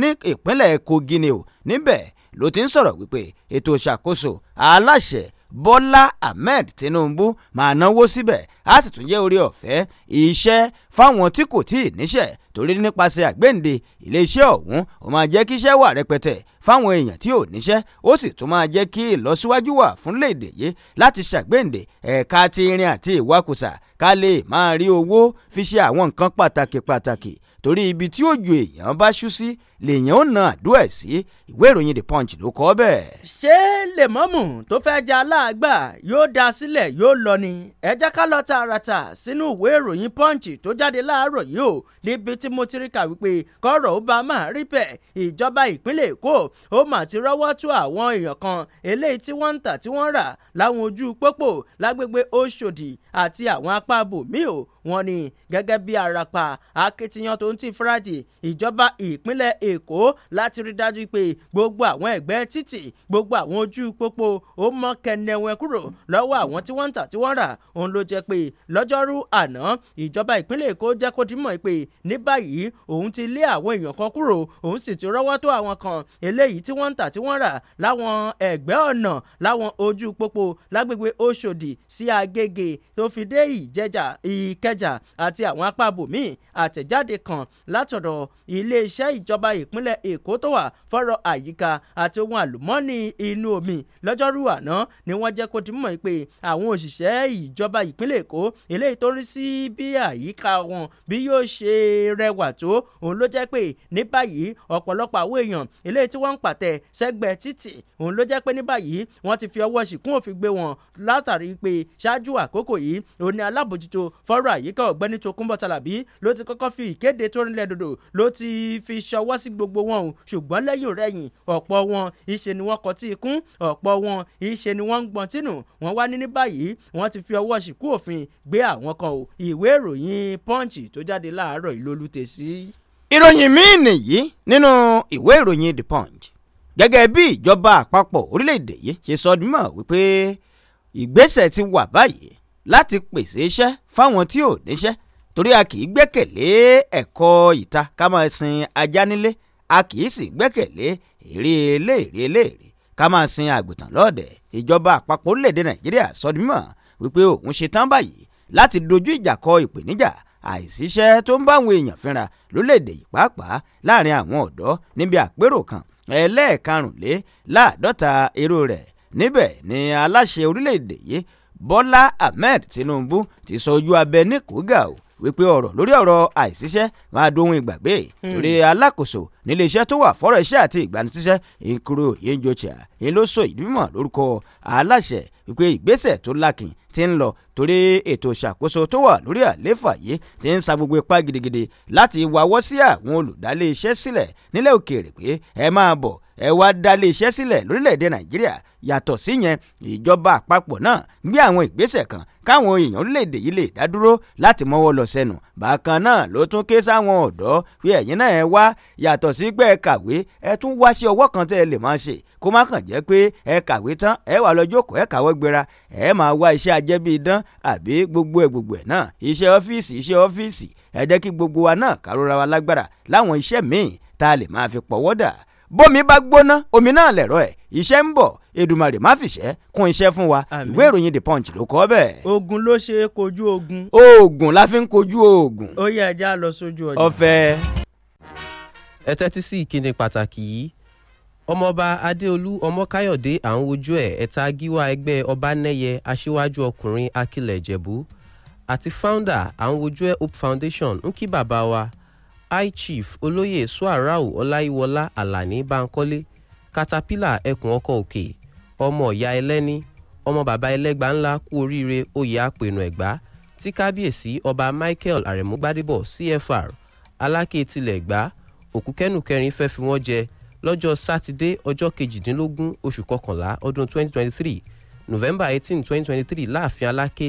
ní ìpínlẹ̀ Kogi ni ò níbẹ̀ ló ti ń sọ̀rọ̀ wípé ètò ìṣàkóso aláṣẹ bọ́lá ahmed tinubu máa náwó síbẹ̀ á sì tún jẹ́ orí ọ̀fẹ́ iṣẹ́ fáwọn tí kò tí ì níṣẹ́ torí nípasẹ̀ àgbéǹde iléeṣẹ́ ọ̀hún ó máa jẹ́ kí iṣẹ́ wà rẹpẹtẹ fáwọn èèyàn tí ò níṣẹ́ ó sì tún máa jẹ́ kí ìlọsíwájú wà fúnlẹ̀èdè yìí láti ṣàgbéǹde ẹ̀ka ti irin àti ìwakùsà ká lè máa rí owó fi ṣe àwọn nǹkan pàtàkì pàtàkì torí ibi tí òjò èèyàn bá ṣú sí lèèyàn ó na àdó ẹ̀ sí ìwé ìròyìn the punch ló kọ bẹ́ẹ̀. ṣé lèmọ́mù tó fẹ́ jẹ́ aláàgbà yóò dá sílẹ̀ yóò lọ ni ẹ jẹ́ ká lọ tààràtà sínú ìwé ìròyìn punch tó jáde láàárọ̀ yìí ó níbi tí mo ti rí kà wípé kọ́rọ̀ ó bá máa rí bẹ́ẹ̀ ìjọba ìpínlẹ̀ èkó ó mà ti rọ́wọ́ tú àwọn èèyàn kan eléyìí tí wọ́n ń tà tí wọ́n rà láwọn ojú pópó lágbègbè oṣòdì àti àwọn apá abòmíì ò wọ́n gẹ́gẹ́ bí arapa akitiyan tó ń ti fúrádì ìjọba ìpínlẹ̀ èkó láti rí dájú pé gbogbo àwọn ẹ̀gbẹ́ títì gbogbo àwọn ojú pópó ó mọ́ kẹnẹwẹ́ kúrò lọ́wọ́ àwọn tí wọ́n ń tà tí wọ́n rà òun ló jẹ́ pé lọ́jọ́rú àná ìjọba ìpínlẹ̀ èkó jẹ́ kó dímọ̀ pé ní báyìí òun ti lé àwọn èèyàn kan kúrò òun sì ti rọ́wọ́ tó àwọn kan eléyìí tí wọ́n ń tà tí wọ́n rà láwọn ẹ̀gbẹ́ ọ̀nà láwọn ojú pópó lágbègbè oṣòdì sí agége tó fi dé ìjẹjà ìkẹjà àti àwọn apá abòmíì àtẹ̀jáde kan látọ̀dọ̀ iléeṣẹ́ ìjọba ì ìpínlẹ̀ Èkó tó wà fọ́rọ̀ àyíká àti ohun àlùmọ́ọ́nì inú omi lọ́jọ́rú àná ni wọ́n jẹ́ kó ti mọ̀ pé àwọn òṣìṣẹ́ ìjọba ìpínlẹ̀ Èkó eléyìí tó rí sí bí àyíká wọn bí yóò ṣe rẹwà tó òun ló jẹ́ pé ní báyìí ọ̀pọ̀lọpọ̀ àwọn èèyàn eléyìí tí wọ́n ń pàtẹ sẹ́gbẹ̀ẹ́ títì òun ló jẹ́ pé ní báyìí wọ́n ti fi ọwọ́ ṣìkún òfin gbé wọn látàrí pé ṣáájú àkókò yìí òun ni alábòjútó fọ́rọ̀ àyíká ọ̀gbẹ́ni Tòkunbọ̀ ló ti kọ́kọ́ fi ìkéde tó rinlẹ̀ dòdò ló ti fi ṣọwọ́ sí sí gbogbo wọn o ṣùgbọ́n lẹ́yìn rẹ̀yìn ọ̀pọ̀ wọn ìṣe ni wọ́n kọ tí ikún ọ̀pọ̀ wọn ìṣe ni wọ́n ń gbọ́n tínú wọ́n wá ní ní báyìí wọ́n ti fi ọwọ́ ṣìkú òfin gbé àwọn kan o ìwé ìròyìn punch tó jáde láàárọ̀ ìlólútẹ̀ sí. ìròyìn míì nìyí nínú ìwé ìròyìn the punch gẹ́gẹ́ bí ìjọba àpapọ̀ orílẹ̀-èdè yìí ṣe sọ mímọ̀ wípé ìgbésẹ̀ ti wà báyìí láti pèsè iṣẹ́ fáwọn tí ò níṣẹ́ torí a kì í gbẹ́kẹ̀lé ẹ̀kọ́ ìta ká máa sin ajá nílé a kì í sì gbẹ́kẹ̀lé èrè eléèrè eléèrè ká máa sin àgùntàn lọ́ọ̀dẹ̀ ìjọba àpapọ̀ orílẹ̀-èdè nàìjíríà sọ di mímọ̀ wípé òun ṣe tán báyìí láti dojú ìjà kọ ìpèníjà àìsíṣẹ́ tó ń bá èèyàn fínra lórílẹ̀ yìí pàápàá láàrin àwọn ọ̀dọ́ níbi àpérò kan ẹlẹ́ẹ̀karùnlé láàdọ́ta irú rẹ̀ níbẹ̀ ni aláṣẹ orílẹ̀-èdè yìí Bọ́lá Ahmed Tinubu ti sọ ojú abẹ ní kóga o wípé ọ̀rọ̀ lórí ọ̀rọ̀ àìsíṣẹ́ máa dohun ìgbàgbé hmm. torí alákòóso níléeṣẹ́ tó wà fọ́rọ̀ iṣẹ́ àti ìgbanisíṣẹ́ ìkúrò yéńjọ́chà yẹn ló sọ ìdí mímọ̀ lórúkọ aláṣẹ wípé ìgbésẹ̀ tó lákin ti ń lọ torí ètò ìṣàkóso tó wà lórí àléfà yìí ti ń sa gbogbo ipá gidigidi láti wáwọ́ sí àwọn olùdálé iṣẹ́ sílẹ̀ nílẹ̀ òkèèrè pé ẹ máa bọ̀ ẹ wá dá iléeṣẹ́ sílẹ̀ lórílẹ̀‐èdè nàìjíríà yàtọ̀ síyẹn ìjọba àpapọ̀ náà gbé àwọn ìgbésẹ̀ kan káwọn èèyàn orílẹ̀‐èdè yìí lè dá dúró láti mọ́wọ́ lọ sẹ́nu bákan náà ló tún ké sáwọn ọ̀dọ́ pé ẹ̀yin náà ẹ wá yàtọ̀ sí pé ẹ kàwé ẹ tún wá sí ọwọ́ kan tẹ́ ẹ lè máa ṣe kó má kàn jẹ́ pé ẹ kàwé tán ẹ wà lọ jókòó ẹ kàwé gbéra ẹ máa wá iṣẹ́ ajẹ́bí idán àbí gbogbo ẹ̀ gbogbo ẹ̀ náà iṣẹ́ ọ́fíìsì iṣẹ́ ọ́fíìsì ẹ jẹ́ kí gbogbo wa náà károra wa lágbára láwọn iṣẹ́ míì tá a lè máa fi pọ̀wọ́dà bómi bá gbóná omi náà lẹ̀rọ ẹ̀ iṣẹ́ ń bọ̀ Èdùmàrè má fìṣẹ́ kún iṣẹ́ fún wa ìwé ìròyìn the punch ló kọ bẹ́ẹ̀. ogun ló ṣe é kojú ogun. oògùn la fi ń kojú oògùn. ó yẹ ẹja lọ sójú ọjà. ọ̀fẹ́. ẹ tẹ́tí sí ìkíni pàtàkì yìí ọmọọba adéolú ọmọkáyọ̀dé à ń wojú ẹ̀ ẹ̀ta gíwá ẹgbẹ́ ọbanẹ́yẹ aṣíwájú ọkùnrin akilẹ̀ àti founder à ń wojú ẹ̀ hope foundation ń kí bàbá wa iChief olóyè suarau ọláyíwọlá alani bankole katapila ẹkùn ọkọ òkè ọmọ ìyá ẹlẹ́ni ọmọ bàbá ẹlẹ́gbà ńlá kú oríire oyè àpènù ẹ̀gbá tí kábíyèsí ọba michael aremu gbadebo cfr aláké tilẹ̀ ẹ̀gbá òkúkẹ́nù kẹrin fẹ́ fi wọ́n jẹ lọ́jọ́ sátidé ọjọ́ kejìdínlógún oṣù kọkànlá ọdún 2023 november 18 2023 láàfin aláké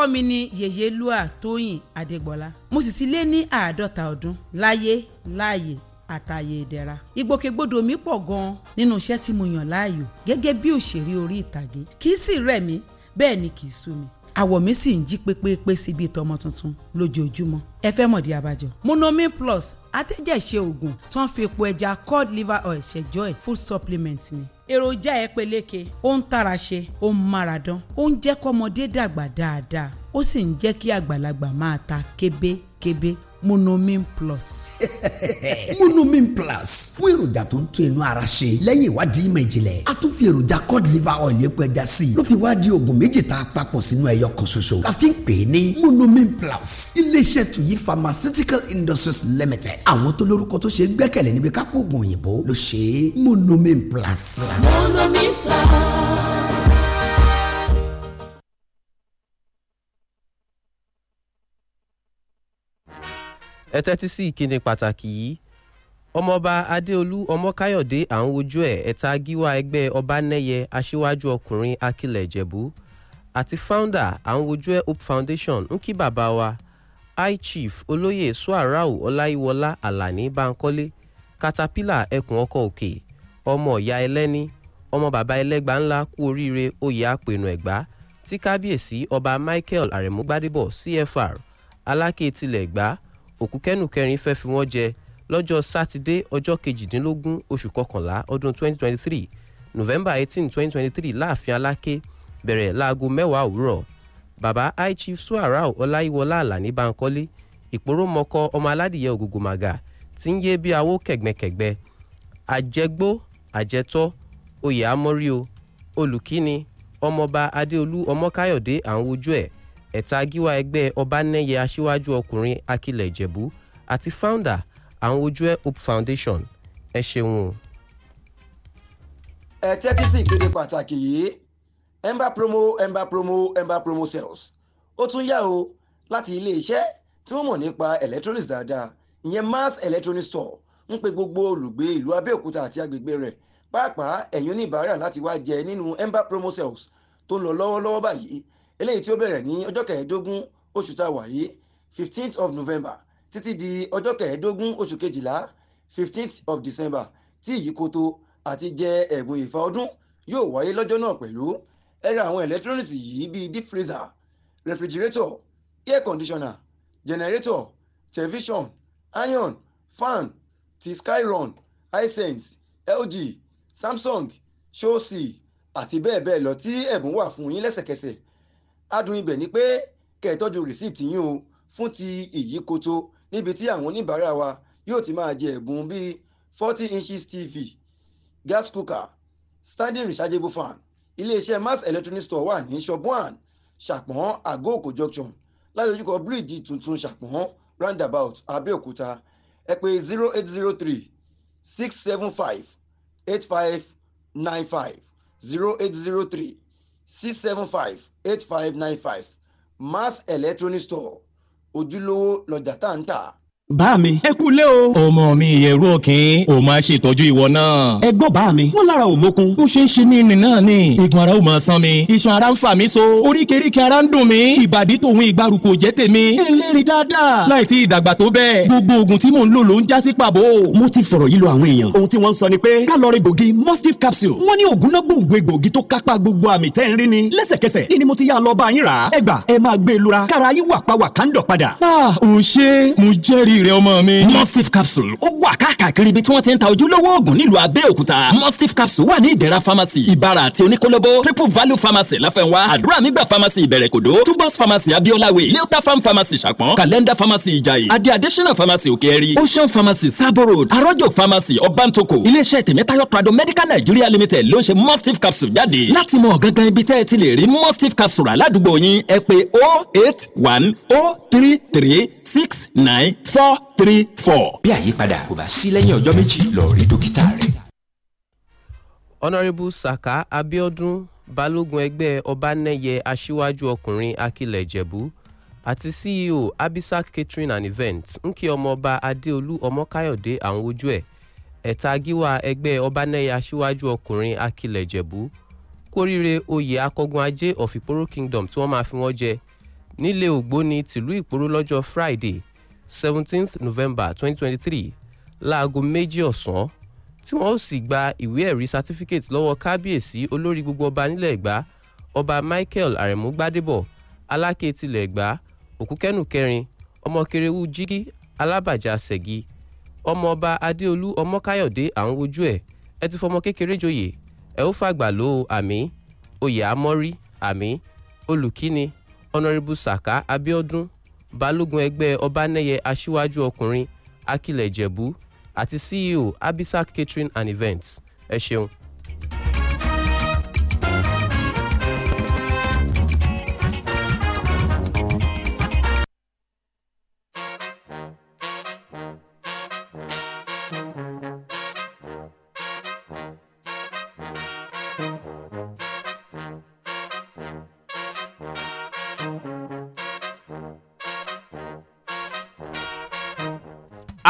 orúkọ mi ni lua Tóyìn Adégbọlá mo sì ti lé ní àádọ́ta ọdún láyé láàyè àtàyè ìdẹ̀ra ìgbòkègbodò mi pọ̀ gan-an nínú iṣẹ́ tí mo yàn láàyò gẹ́gẹ́ bí òṣèré orí ìtàgé kì í sì rẹ̀ mí bẹ́ẹ̀ ni kì í sú mi àwọ̀ mi sì ń jí pépépé síbi ìtọ́mọ tuntun lójoojúmọ́ ẹ fẹ́ mọ̀dí abájọ. Monomi plus atẹ́jẹ̀ṣe oògùn tó ń fi epo ẹja cod liver oil ṣẹjọ́ ẹ̀ Full supplement ni èròjà ẹ peléke ó ń tara ṣe ó ń mára dán ó ń jẹ́ kọ́mọdé dàgbà dáadáa ó sì ń jẹ́ kí àgbàlagbà máa ta kébékébé monomin plus. monomin plus fún èròjà tó ń tún inú ara ṣe lẹ́yìn ìwádìí ìmọ̀ ìjìnlẹ̀ a tún fi èròjà cod liver oil epo ẹja sí i ló fi wá di oògùn méjì tá a papọ̀ sínú ẹyọ kan ṣoṣo la fi ń pè é ní monomin plus iléeṣẹ́ tuyi pharmaceutical industries limited àwọn tó lórúkọ tó ṣe gbẹ́kẹ̀lé níbi kápò oògùn òyìnbó ló ṣe é monomin plus. monomin plus. ẹ tẹ́tí sí ìkíni pàtàkì yìí ọmọọba adéolú ọmọkáyọ̀dé à ń wojú ẹ̀ ẹ̀ta gíwá ẹgbẹ́ ọbanẹ́yẹ aṣíwájú ọkùnrin akilẹ̀ ìjẹ̀bú àti founder à ń wojú ẹ̀ hope foundation ń kí bàbá wa high chief olóyè suarau ọláyíwọlá alani bankole caterpillar ẹkùn ọkọ̀ òkè ọmọ ọ̀yá ẹlẹ́ni ọmọ bàbá ẹlẹ́gbà ńlá kú oríire oyè àpènù ẹ̀gbá tí kábíyèsí ọba michael arẹ̀mú gbádébọ̀ cfr aláké tilẹ̀ ẹ̀gbá òkú kẹ́nù kẹrin fẹ́ fi wọ́n jẹ lọ́jọ́ sátidé ọjọ́ kejìdínlógún oṣù kọkànlá ọdún 2023 november 18 2023 láàfin aláké bẹ̀rẹ̀ láago mẹ́wàá òwúrọ̀ baba high chief suarau ọláyíwọlá àlàní bankole ìpòrómọkọ ọmọ aládìyẹ ògògò màgà tí ń yé bí awó kẹ̀gbẹ́kẹ̀gbẹ́ àjẹgbó àjẹtọ́ oyè amórí o olùkíni ọmọọba adéolú ọmọkáyọ̀dé à ń ẹ̀ ẹ̀ta gíwá ẹgbẹ́ ọbanẹ́yẹ aṣíwájú ọkùnrin akilẹ̀ ìjẹ̀bú àti founder àwọn ojú ẹ̀ hope foundation ẹ ṣeun o. ẹ tẹ́tí sí ìkéde pàtàkì yìí emba promo emba promo emba promo sales ó tún yá o láti iléeṣẹ́ tí wọ́n mọ̀ nípa electronics dáadáa ìyẹn mass electronics store ń pe gbogbo olùgbé ìlú abẹ́òkúta àti agbègbè rẹ̀ pàápàá ẹ̀yin oníbàárà láti wá jẹ nínú emba promo sales tó ń lọ lọ́wọ́lọ́wọ́ báyìí eléyìí tí ó bẹ̀rẹ̀ ní ọjọ́ kẹẹ̀ẹ́dógún oṣù tá a fifteenth of november títí di ọjọ́ kẹẹ̀ẹ́dógún oṣù kejìlá fifteenth of december tí ìyíkoto àti jẹ ẹ̀bùn ìfa ọdún yóò wáyé lọ́jọ́ náà pẹ̀lú ẹ̀rọ àwọn electronics yìí bíi deep freezer refrigerator air conditioner generator television iron fan ti skyron hisense lg samsung shosi àti bẹ́ẹ̀ bẹ́ẹ̀ lọ tí ẹ̀bùn wà fún yín lẹ́sẹ̀kẹsẹ̀ adùn ibẹ̀ ni pé kẹ̀tọ́jú receipt yín o fún ti ìyíkoto níbi tí àwọn oníbàárà wa yóò ti máa jẹ ẹ̀bùn bíi forty inches tv gas cooker standing rechargeable fan iléeṣẹ́ mass electronics store wà ní shop one ṣàpọ̀n àgóòkò junction lálójúkọ bíríìjì tuntun ṣàpọ̀n roundabout abẹ́òkúta ẹ pè zero eight zero three six seven five eight five nine five zero eight zero three six seven five eight five nine five mass electronic store ojúlówó lọ́jà tá ń tà bá mi. ẹ kú lé o. ọmọ mi ìyẹ̀rú òkín ò máa ṣètọ́jú ìwọ náà. ẹ gbọ́ bá mi. wọ́n lára ò mókun. ó ṣe ń ṣe ní ìrìn náà ni. igun ara ò máa san mi. iṣan ara ń fà mí so. oríkèéríkèé ara ń dùn mí. ìbàdí tòun ìgbàrú kò jẹ́ tèmi. ẹlẹ́rìí dáadáa. láìsí ìdàgbà tó bẹ́ẹ̀. gbogbo oògùn tí mò ń lò ló ń já sí pàbó. mo ti fọ̀rọ̀ yìí lọ àwọn èèyàn. ohun tí wọ́n sọ ni capsule. wọ́n ní oògùn náà gbòǹgbò egbògi tó kápá gbogbo àmì tẹ́ ń rí ni. lẹ́sẹ̀kẹsẹ̀ ni mo e lura. kára yín wà ah ò ṣe oríire ọmọ mi. mustif capsule ó wà káàkiri ibi tí wọ́n ti ń ta ojúlówó oògùn nílùú abẹ́òkúta mustif capsule wà ní ìdẹ̀ra pharmacy ìbàrà àti oníkólóbó triple value pharmacy láfẹ́nwá àdúrà mígbà pharmacy ìbẹ̀rẹ̀kòdó tubos pharmacy abiolawe leota farm pharmacy ṣàpọ̀n calendar pharmacy ìjàyè adi additional pharmacy òkèèrè ocean pharmacy sabo road arọ́jọ pharmacy ọbántoko iléeṣẹ́ tèmítáyọ̀ prado medical nigeria limited ló ń ṣe mustif capsule jáde láti mọ̀ gangan ibi tẹ́ ẹ ti lè rí mustif capsule aládùúgbò yín ẹ pé 08103 three six nine four four three four. bí àyípadà kò bá sí lẹ́yìn ọjọ́ méjì lọ rí dókítà rẹ. honourable saka abiodun balógun ẹgbẹ́ ọbanẹ́yẹ aṣíwájú ọkùnrin akilẹ̀ ìjẹ̀bú àti ceo abisac catering and event ń kí ọmọọba adéolú ọmọkáyọ̀dé àwọn ojú ẹ̀ ẹ̀ta gíwá ẹgbẹ́ ọbanẹ́yẹ aṣíwájú ọkùnrin akilẹ̀ ìjẹ̀bú kóríire oyè akọgun ajé of ìpòrò kingdom tí wọ́n máa fi wọ́n jẹ nílé ògbóni tìlú ìpòrò lọ́jọ́ friday seventeenth november twenty twenty three láago méjì ọ̀sán tí wọn ó sì gba ìwé ẹ̀rí certificate lọ́wọ́ kábíyèsí olórí gbogbo ọba nílẹ̀ ẹ̀gbá ọba michael aremu gbádébọ̀ aláké tilẹ̀ ẹ̀gbá òkúkẹ́nù kẹrin ọmọ kerewu jígí alábàjá ṣẹ̀gi ọmọ ọba adéolú ọmọ káyọ̀dé à ń wojú ẹ̀ ẹ ti fọmọ kékeré joyè ẹ ó fàgbà lọ àmì oyè àmọ́rí àmì olùkíni honourable saka abiodun balógun ẹgbẹ́ ọbanẹ́yẹ aṣíwájú ọkùnrin akilẹ̀ jẹ̀bú àti ceo abisac catering and events ẹ ṣeun.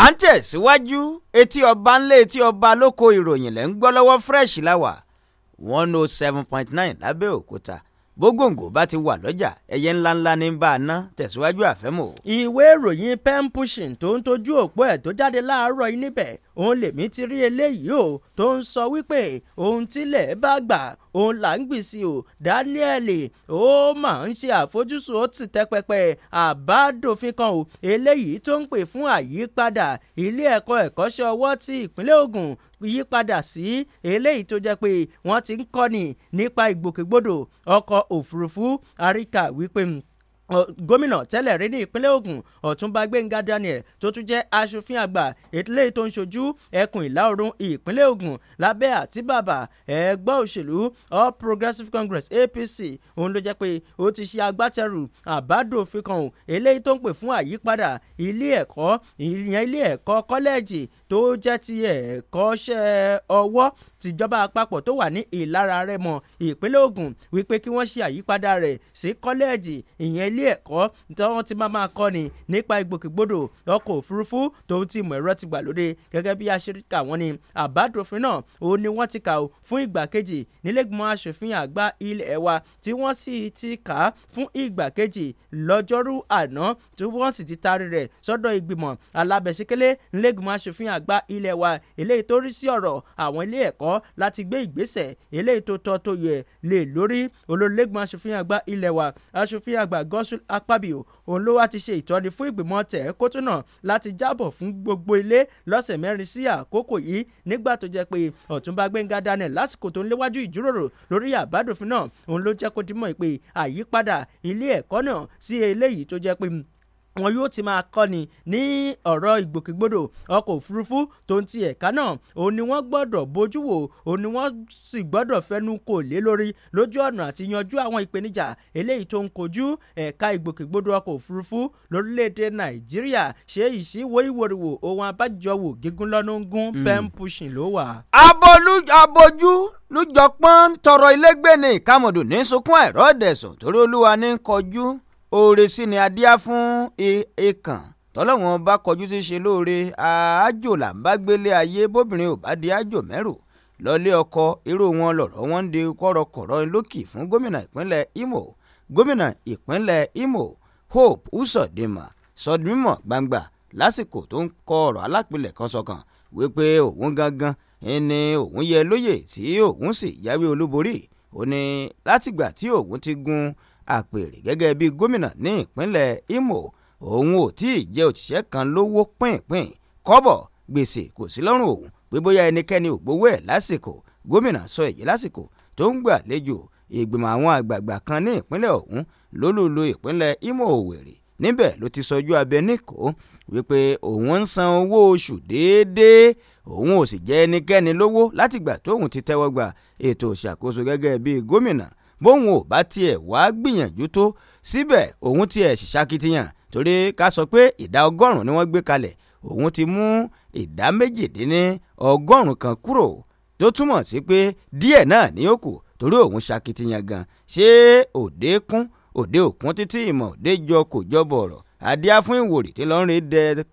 à ń tẹ̀síwájú etí ọba ńlẹ̀ etí ọba lóko ìròyìn lẹ́ ń gbọ́ lọ́wọ́ fresh láwà one oh seven point nine lábẹ́òkúta bógòǹgò bá ti wà lọ́jà ẹyẹ ńláńlá ní bá a ná tẹ̀síwájú àfẹ́mọ́. ìwé ìròyìn pen pushing tó ń tojú òpó ẹ̀ tó jáde láàárọ̀ yìí níbẹ̀ òun lèmi ti rí eléyìí o tó ń sọ wípé òun tílẹ̀ bá gbà òun là ń gbìsì o dáníẹ́lì ó máa ń ṣe àfojúsùn ó ti tẹ́ àbádòfin kan o eléyìí tó ń pè fún àyípadà ilé ẹ̀kọ́ ẹ̀kọ́ṣẹ́ ọwọ́ ti ìpínlẹ̀ Ògùn yípadà sí eléyìí tó jẹ́ pé wọ́n ti ń kọ́ni nípa ìgbòkègbodò ọkọ̀ òfurufú àríkà wípé gómìnà tẹ́lẹ̀ rí ní ìpínlẹ̀ Ògùn ọ̀túnba gbẹ̀ngà Daniel tó tún jẹ́ aṣòfin àgbà ètòlẹ́ tó ń ṣojú ẹkùn ìlà oòrùn ìpínlẹ̀ Ògùn lábẹ́ àtìbàbà ẹgbẹ́ òṣèlú All Progressives Congress APC òun ló jẹ́ pé ó ti ṣe agbátẹrù àbádòfin kan o eléyìí tó ń pè fún àyípadà ilé ẹ̀kọ́ ìyẹn ilé ẹ̀kọ́ kọ́lẹ́ẹ̀jì tó jẹ́ ti ẹ̀kọ́ṣẹ́ ọwọ́ tìjọba àpapọ̀ tó wà ní ìlara rẹmọ ìpínlẹ̀ ogun wípé kí wọ́n ṣe àyípadà rẹ̀ sí kọ́lẹ́ẹ̀jì ìyẹn ilé ẹ̀kọ́ tí wọ́n ti máa máa kọ́ni nípa ìgbòkègbodò ọkọ̀ òfurufú tòun ti mọ̀ ẹ̀rọ ti gbàlódé gẹ́gẹ́ bí aṣèríkà wọn ni àbádòfin náà ó ní wọ́n ti kà ó fún ìgbà kejì nílẹ̀gbọ́n aṣòfin àgbà ilẹ̀ wa tí wọ́n sì ti kà á fún ìgbà kejì lọ́jọ́rú àná àgbà ilẹ̀ wa eléyìí tó rí sí ọ̀rọ̀ àwọn ilé ẹ̀kọ́ láti gbé ìgbésẹ̀ eléyìí tó tọ́ tó yẹ lè lórí olólùlẹ́gbọ̀n aṣòfin àgbà ilẹ̀ wa aṣòfin àgbà gọ́sùn akpabio òun ló wá ti ṣe ìtọ́ni fún ìgbìmọ̀ tẹ̀ kótó náà láti jábọ̀ fún gbogbo ilé lọ́sẹ̀ mẹ́rin sí àkókò yìí nígbà tó jẹ́ pé ọ̀túnba gbẹ̀ngà daniel lásìkò tó ń léwájú ìjíròrò lórí àbádòfin náà òun ló jẹ́ kó dimọ̀ pé àyípadà ilé ẹ̀kọ́ náà sí eléyìí tó jẹ́ pé wọn yóò ti máa kọ́ni ní ọ̀rọ̀ ìgbòkègbodò ọkọ̀ òfurufú tó ń ti ẹ̀ka náà òun ni wọ́n gbọ́dọ̀ bójú wò òun ni wọ́n sì gbọ́dọ̀ fẹnu kò lé lórí lójú ọ̀nà àti yanjú àwọn ìpèníjà eléyìí tó ń kojú ẹ̀ka ìgbòkègbodò ọkọ̀ òfurufú lórílẹ̀‐èdè nàìjíríà ṣé ìṣíwò ìwòrìwò ohun abájọwò gígùn lọ́nùgún hmm. pen pushing ló wà. abojú lójọpọ́n tọrọ ilégbèni kàmọ̀dù ní sunkún àìrọ́ọ̀dẹ̀sùn torí olúwa ní kọjú oore sí ni adíá fún èèkàn e, tọ́lọ́wọ́n bá kọjú ti ṣe lóore àájò là ń bá gbélé ayé bóbìnrin ò bá di àjò mẹ́rù lọ́lé ọkọ irú wọn lọ̀rọ̀ wọn ń di kọ̀rọ̀kọ̀rọ̀ lókì fún gómìnà ìpínlẹ̀ Imo gómìnà ìpínlẹ̀ Imo Hope Uzodinma sọdúnmọ̀ gbangba lásìkò tó ń kọ ọ̀rọ̀ alápilẹ̀kan sọ̀kan wípé òun gangan ẹni òun yẹ lóyè tí òun sì yáwé olúborí ó ní látìgbà tí òun ti gun àpèrè gẹ́gẹ́ bí gómìnà ní ìpínlẹ̀ Imo òun ò tí ì jẹ́ òṣìṣẹ́ kan lówó pínpín kọ́bọ̀ gbèsè kò sí lọ́rùn òun pé bóyá ẹnikẹ́ni ò gbowó ẹ̀ lásìkò gómìnà sọ èyí lásìkò tó ń gbàlejò ìgbìmọ̀ àwọn àgbààgbà kan ní ìpínlẹ̀ ọ̀hún lólùlù ìpínlẹ̀ Imo Òwèrè níbẹ̀ ló ti sọjú abẹ níkò wípé òun ń san owó oṣù déédéé òun ò sì jẹ́ ẹnikẹ́ni lówó látìgbà tóun ti tẹ́wọ́ gba ètò ìṣàkóso gẹ́gẹ́ bíi gómìnà bóun ò bá tiẹ̀ wá gbìyànjú tó síbẹ̀ òun tiẹ̀ ṣìṣàkitiyan torí ká sọ pé ìdá ọgọ́rùn-ún ni wọ́n gbé kalẹ̀ òun ti mú ìdá méjìdínní ọgọ́rùn-ún kan kúrò tó túmọ̀ sí pé díẹ̀ náà ni ó kù torí òun ṣàkitiyan gan ṣé òde kún òde òkun títí ìmọ̀ òde jọ kò jọ bọ̀rọ̀ adíá fún ìwòrì tí lọ́rin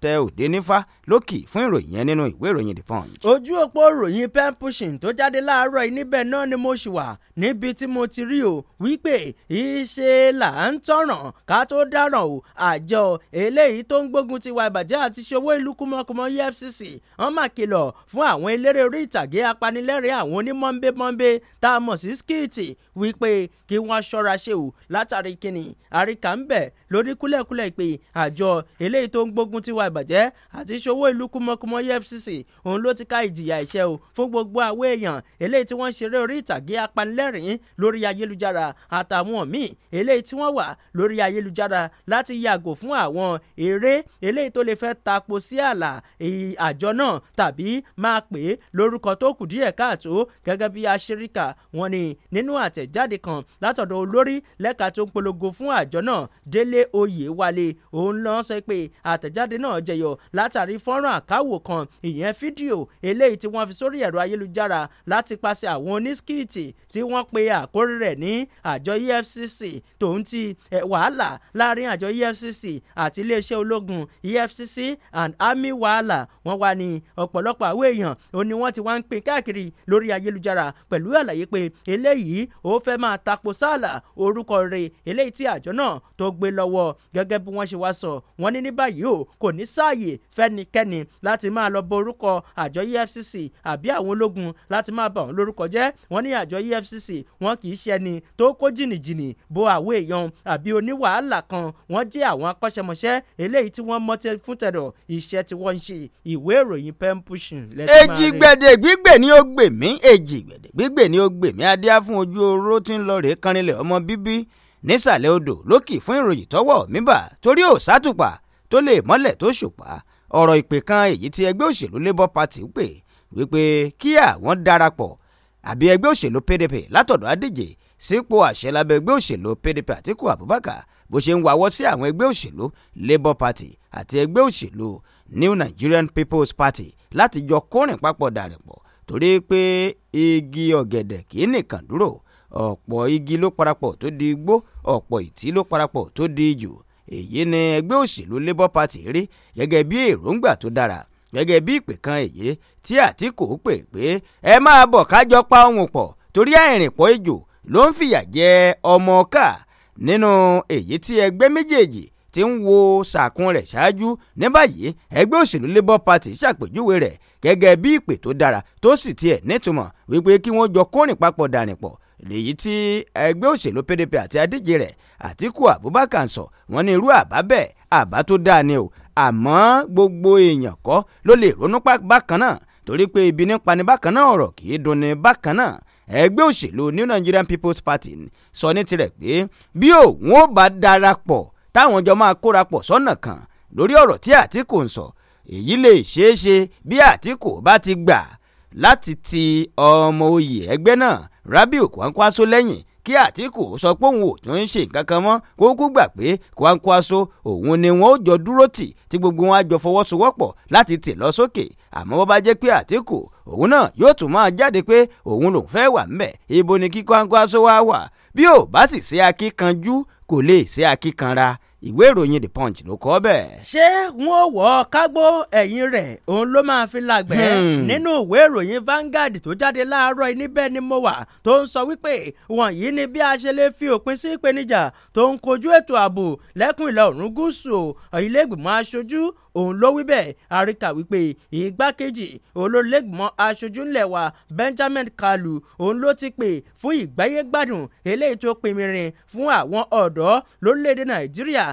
tẹ òde nífà lókì fún ìròyìn yẹn nínú ìwé ìròyìn the punch. ojú òpó ròyìn pen pushing tó jáde láàárọ̀ yìí níbẹ̀ náà ni mo ṣì wà níbi tí mo ti rí o wípé iṣẹ́ là ń tọ̀ràn ká tó dáràn o àjọ eléyìí tó ń gbógun ti wa ìbàjẹ́ àti ṣòwò ìlú kúmọkùmọ EFCC wọ́n mà kìlọ̀ fún àwọn eléré orí ìtàgé apanilẹ́rìn àwọn onímọ̀nbẹ́mọ̀nbẹ́ tá a mọ̀ sí skíìtì wípé kí wọ́n ṣọ́ra ṣe o látàrí kíni àríkà ń bẹ̀ lóníkúlẹ̀kúlẹ̀ pé àjọ eléyìí tó ń gbógun tiwa ìbàjẹ́ àti ṣòwò ìlú kúmọ́kúmọ́ EFCC òun ló ti ká ìjìyà ìṣẹ́ o fún gbogbo àwọn èèyàn eléyìí tí wọ́n ṣeré orí ìtàgé apanilẹ́rìn lórí ayélujára àtàwọn míì eléyìí tí wọ́n wà lórí ayélujára láti yàgò fún àwọn eré eléyìí tó lè fẹ́ tapo sí àlà àjọ náà tàbí máa pè é lórúkọ tó kù díẹ̀ káàtó gẹ́gẹ́ bí aṣeríkà wọn ni nínú àtẹ̀jáde kan látọ̀dọ̀ olórí lẹ́ka tó ń polongo fún àjọ náà Délé Oyèwálé òun lọ sọ pé àtẹ̀jáde náà jẹyọ látàrí fọ́nrán àkáwò kan ìyẹn fídíò eléyìí tí wọ́n fi sórí ẹ̀rọ ayélujára láti pàṣẹ àwọn onískìtì tí wọ́n pe àkórí rẹ̀ ní àjọ EFCC tòun ti wàhálà láàrin àjọ EFCC àti iléeṣẹ́ ológun EFCC and army wàhálà wọ́n wà ní ọ̀pọ̀lọpọ̀ àwọn èèyàn ó ní wọ́n ti wá ń pín káàkiri lórí ayélujára pẹ̀lú àlàyé pé eléyìí ó fẹ́ máa tako sáàlà orúkọ rẹ̀ eléyìí tí àjọ náà tó gbé lọ́wọ́ gẹ́gẹ́ bí wọ́n ṣe wá sọ wọ́n ní ní báyìí o kò ní sáàyè fẹ́nikẹ́ni láti máa lọ bo orúkọ àjọ efcc àbí àwọn ológun láti máa bà wọ́n lórúkọ jẹ́ wọ́n ní àjọ efcc wọn kì í ṣe ẹni tó kó jìnnìjìnnì bo àwọn èèyàn àbí oníwàhálà kan wọ́n jẹ́ àwọn akọ́ṣẹ́mọṣẹ́ eléyìí tí wọ́n mọ́ fún tẹ̀dọ̀ iṣẹ́ tí wọ́n ń ṣe ìwé ìròyìn pen pushing èjì gbẹ̀dẹ̀ gbígbẹ̀ ni ó gbè mí èjì gbẹ̀dẹ̀ gbígbẹ̀ ni ó gbè mí adíá fún ojú oró tí ń lọ rèé kanrinlẹ̀ ọmọ bíbí nísàlẹ̀ odò lókì fún ìròyìn tọ́wọ́ mímbà torí ò sátùpà tó lè mọ́lẹ̀ tó ṣùpá ọ̀rọ̀ ìpè kan èyí tí ẹgbẹ́ òṣèlú labour party pè wípé kí àwọn darapọ̀ àbí ẹgbẹ́ òṣèlú pdp látọ̀dọ̀ adíje sípò àṣẹ lábẹ́ ẹgbẹ́ òṣèlú pdp àtiku abubakar bó ṣe ń wáwọ́ sí àwọn ẹgbẹ́ òṣèlú labour party àti ẹgbẹ́ òṣèlú new nigerian people's party láti jọ kórìn papọ̀ dàrẹ̀pọ̀ torí pé igi ọ̀gẹ̀dẹ̀ kì í nìkan dúró ọ̀pọ̀ igi ló parapọ̀ tó di igbó ọ̀pọ̀ ìtí ló parapọ̀ tó di ijù èyí ni ẹgbẹ́ òṣèlú Labour Party rí gẹ́gẹ́ bí èròǹgbà tó dára gẹ́gẹ́ bí ìpè kan èyí tí Àtìkù pè pé ẹ máa bọ̀ kájọ pa ohun pọ̀ torí àìrìnpọ̀ ejò ló ń fìyà jẹ ọmọ ká nínú èyí tí ẹgbẹ́ méjèèjì ti ń wo sàkún rẹ̀ ṣáájú ní báyìí ẹgbẹ́ òṣèlú Labour Party ṣàpèjúwe rẹ̀ gẹ́gẹ́ bí ìpè tó dára tó sì tiẹ̀ nítumọ̀ wípé kí wọ́n jọ kórìn papọ̀ dànìpọ̀ lèyí tí ẹgbẹ́ òṣèlú PDP àti adíje rẹ̀ Àtíkù Abubakar sọ wọ́n ní irú àbá bẹ́ẹ̀ àbá tó dáa ni o àmọ́ gbogbo èèyàn kọ́ ló lè ronú bákan náà torí pé ibi nípa ni bákan náà ọ̀rọ̀ kì í dunni bákan náà ẹgbẹ́ òṣèlú New Nigerian People's Party sọ ní tirẹ̀ pé bí òun ò bá darapọ̀ táwọn jọ máa kóra pọ̀ sọ́nà kan lórí ọ̀rọ̀ tí Àtíkù ń sọ èyí lè ṣeé ṣe bí Àtíkù bá ti gbà láti ti ọmọ oyè ẹgbẹ́ náà Rabiu Kwankwaso lẹ́yìn kí Àtíkù sọ pé òun ò tún ń ṣe nǹkan kan mọ́ kókó gbà pé Kwankwaso òun ni wọn ó jọ dúró tì tí gbogbo wọn á jọ fọwọ́sowọ́pọ̀ láti tì lọ sókè àmọ́ bó bá jẹ́ pé Àtíkù òun náà yóò tún máa jáde pé òun lòún fẹ́ wà ńbẹ̀ ibo ni kí Kwankwaso wá wà bí ò bá sì ṣe akíkanjú kò lè ṣe akíkanra ìwé ìròyìn the punch ló kọ bẹ́ẹ̀. ṣé wọn ò wọ kágbó ẹ̀yìn rẹ̀ òun ló máa fi làgbẹ́ hmm. nínú ìwé ìròyìn Vanguard tó jáde láàárọ̀ níbẹ̀ ni mo wà tó ń sọ wípé wọ̀nyí ni bí a ṣe lè fi òpin sí ìpèníjà tó ń kojú ètò ààbò lẹ́kùn ìlà oòrùn gúúsù ilé ìgbìmọ̀ aṣojú òun ló wí bẹ́ẹ̀ àríkà wípé ìgbákejì olólẹ́gbọ̀n aṣojú ńlẹ̀ wa Benjamin Kalu òun ló ti pè fún ìgbáyégbádùn eléyìí tó pinmirin fún àwọn ọ̀dọ́ lórílẹ̀‐èdè Nàìjíríà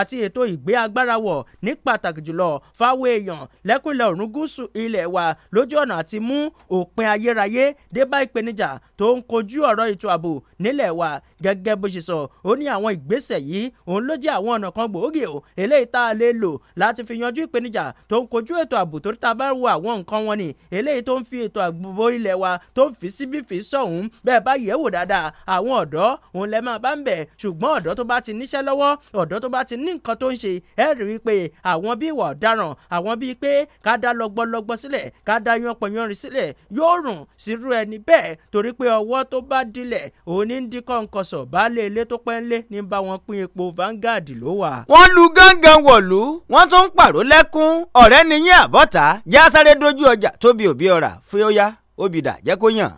àti ètò ìgbé agbára wọ̀ ní pàtàkì jùlọ fáwọn èèyàn lẹ́kùnlẹ̀ òrùn gúúsù ilẹ̀ wa lójú ọ̀nà àti mú òpin ayérayé dé bá ìpèníjà tó ń kojú ọ̀rọ̀ ètò ààbò nílẹ̀ wa gẹ́gẹ́ bó ṣe sọ ó ní àwọn ìgbésẹ̀ yìí òun ló jẹ́ àwọn ọ̀nà kan gbòógì o eléyìí tá a lè lò láti fi yanjú ìpèníjà tó ń kojú ètò ààbò torí ta bá wo àwọn nǹkan wọn ni eléyìí tó ń fi ètò ààbò ilẹ̀ wa tó ń fi síbí fi sọ̀hún bẹ́ẹ̀ bá yẹ̀ wò dáadáa àwọn ọ̀dọ́ òun lẹ́ máa bá ń bẹ̀ ṣùgbọ́n ọ̀dọ́ tó bá ti níṣẹ́ lọ́wọ́ ọ̀dọ́ tó bá ti ní nǹkan tó ń ṣe ẹ rí i pé àwọn bí ìwà ọ̀daràn àwọn bíi pé ká dá lọ́gbọ́lọ́gbọ́ sílẹ̀ ká dá yanpọ̀yanrìn sílẹ̀ yóò rùn sírú ẹni bẹ́ẹ̀ torí pé ọwọ́ tó bá dilẹ̀ òun ní ń di kọ́ńkọ́sọ̀ baálé ilé tó pẹ́ ń lé ní bá wọn pín epo Vanguard ló wà. wọ́n lu gángan wọ̀lú wọ́n tún pàró lẹ́kún ọ̀rẹ́ ni àbọ̀tá já sáré dojú ọjà tóbi òbí ọ̀rà fúyọ́yá òbídà jẹ́ kó yàn.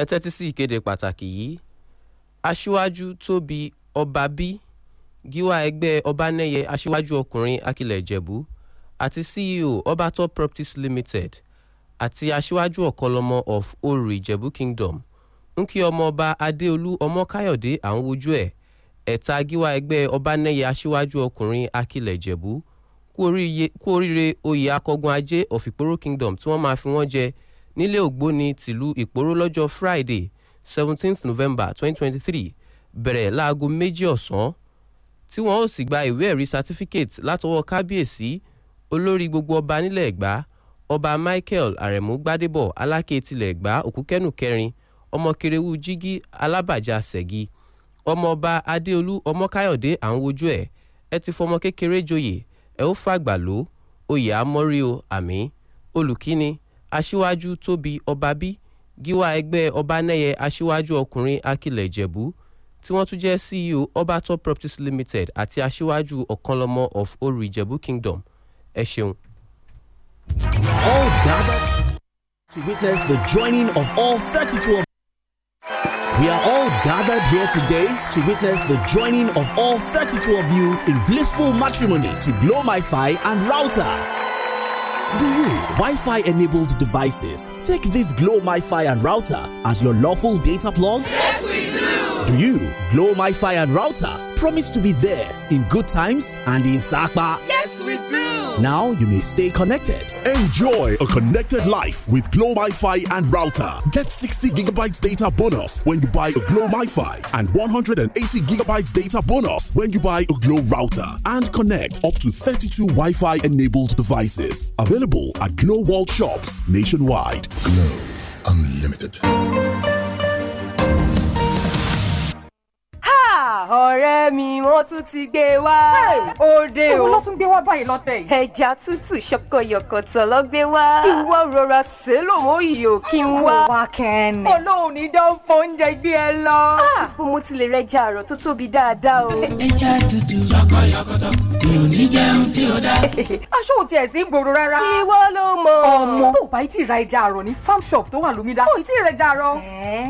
ẹ tẹ́tí sí ìkéde pàtàkì yìí aṣíwájú tóbi ọba bí gíwá ẹgbẹ́ ọbanẹ́yẹ aṣíwájú ọkùnrin akilẹ̀ ìjẹ̀bú àti ceo obatop properties limited àti aṣíwájú ọ̀kọlọmọ of oru ìjẹ̀bú kingdom ń kí ọmọọba adéolú ọmọkáyọ̀dé à ń wojú ẹ̀ ẹ̀ta gíwá ẹgbẹ́ ọbanẹ́yẹ aṣíwájú ọkùnrin akilẹ̀ ìjẹ̀bú kú oríire oyè akọgun ajé of ìpòrò kingdom tí wọ́n máa fi wọ́n jẹ nílé ògbóni tìlú ìpòrò lọ́jọ́ friday seventeenth november twenty twenty three bẹ̀rẹ̀ láago méjì ọ̀sán tí wọ́n ó sì gba ìwé ẹ̀rí certificate látọwọ́ kábíyèsí olórí gbogbo ọba nílẹ̀ ẹ̀gbá ọba michael aremu gbadebo aláké tilẹ̀ ẹ̀gbá òkúkẹ́nù kẹrin ọmọ kerewu jígí alábàjá sẹ̀gi ọmọọba adéolú ọmọkáyọ̀dé à ń wojú ẹ̀ ẹ ti fọmọ kékeré joyè ẹ ó fàgbà lọ oyè àmọ́rí o àmì olùkíni aṣíwájú tóbi ọba bí gíwá ẹgbẹ́ ọbanẹ́yẹ aṣíwájú ọkùnrin akilẹ̀ ìjẹ̀bú tí wọ́n tún jẹ́ ceo obatop properties limited àti aṣíwájú ọ̀kanlọ́mọ of oru ìjẹ̀bú kingdom ẹ ṣeun. all gathered to witness the joining of all thirty-two of We are all gathered here today to witness the joining of all 32 of you in blissful matrimony to Glow Fi and Router. Do you, Wi-Fi enabled devices, take this Glow Fi and Router as your lawful data plug? Yes, we do! You, Glow fi and Router promise to be there in good times and in Sakpa. Yes, we do. Now you may stay connected. Enjoy a connected life with Glow fi and Router. Get 60 gigabytes data bonus when you buy a Glow fi and 180 gigabytes data bonus when you buy a Glow Router and connect up to 32 Wi-Fi enabled devices. Available at Glow World shops nationwide. Glow Unlimited. ọ̀rẹ́ mi wọ́n tún ti gbé wá òde o. èwo ló tún gbé wá báyìí lọ́tẹ̀ yìí. ẹja tútù ṣọkọyọkọtọ lọ gbé wá kí n wá rọra sélò mọ́ iyò kí n wá. wá kẹ́ni. olóhùn ní dán fún gbé ẹ lọ. bó ah! mo ti lè rẹja àrọ̀ tó tóbi dáadáa o. ẹja tútù ṣọkọyọkọtọ mi ò ní jẹun tí ó dá. aṣọ òtí ẹ̀ sí gbòòrò rárá. ìwọ bá yìí tí ra ẹja àrọ̀ ní farm shop tó wà lómìdá. ó yìí tí ra ẹja àrọ̀.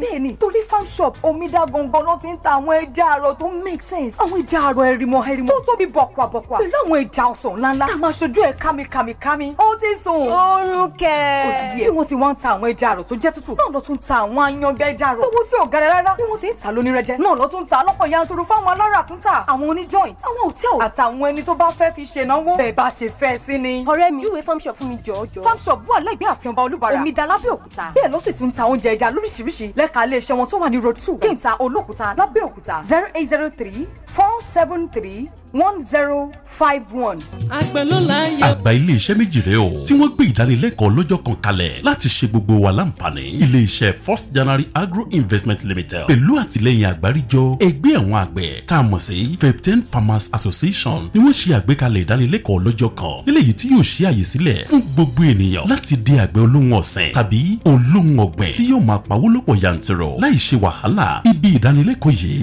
bẹ́ẹ̀ ni torí farm shop omidá gangan náà ti ń ta àwọn ẹja àrọ̀ tó make sense. àwọn ẹja àrọ̀ ẹ̀rìmọ̀ ẹ̀rìmọ̀ tó tóbi bọ̀kwàbọ̀kwà. pẹ̀lú àwọn ẹja ọ̀sán ńláńlá. tá a máa ṣojú ẹ̀ kámikámikámi. ó ti sùn. oorun kẹ. ó ti yẹ. bí wọ́n ti wá ń ta àwọn ẹja àrọ̀ tó jẹ́ tútù. náà lọ tún ta àwọn ayangbẹ́ ẹja àrọ̀. owó tí ò gara rárá. bí wọ́n ti ń ta lónírẹ́jẹ. náà lọ tún ta lọ́pọ̀ yanturu fáwọn alára tún ta. àwọn oní joint àwọn hòtẹ́ẹ̀lì àtàwọn ẹni tó bá fẹ́ fi ṣènáwó. bẹ́ẹ̀ farm shop fún mi jọ̀ọ́jọ́. farm shop wà lẹ́gbẹ̀ẹ́ ààfin ọba olúbàrà omidan lábẹ́òkúta bẹ́ẹ̀ ló sì ti ń ta oúnjẹ ẹja lóríṣiríṣi lẹ́ka iléeṣẹ́ wọn tó wà ní road two kéńtà olókùúta lábẹ́òkúta zero eight zero three four seven three one zero five one. àgbà ilé iṣẹ́ méjì rẹ o tí wọ́n gbé ìdánilẹ́kọ̀ọ́ lọ́jọ́ kan kalẹ̀ láti ṣe gbogbo wa láǹfààní ilé iṣẹ́ first january agro investment limited pẹ̀lú àtìlẹ́yìn àgbáríjọ ẹgbẹ́ àwọn àgbẹ̀ tá a mọ̀ sí fifteen farmers association ni wọ́n ṣe àgbékalẹ̀ ìdánilẹ́kọ̀ọ́ lọ́jọ́ kan níléyìí tí yóò ṣe àyè sílẹ̀ fún gbogbo ènìyàn láti di àgbẹ̀ olóhùn ọ̀sìn tàbí olóhùn ọ̀gbìn tí yóò máa pawó lọ́pọ̀ yanturu láì ṣe wàhálà ibi ìdánilẹ́kọ̀ọ́ yìí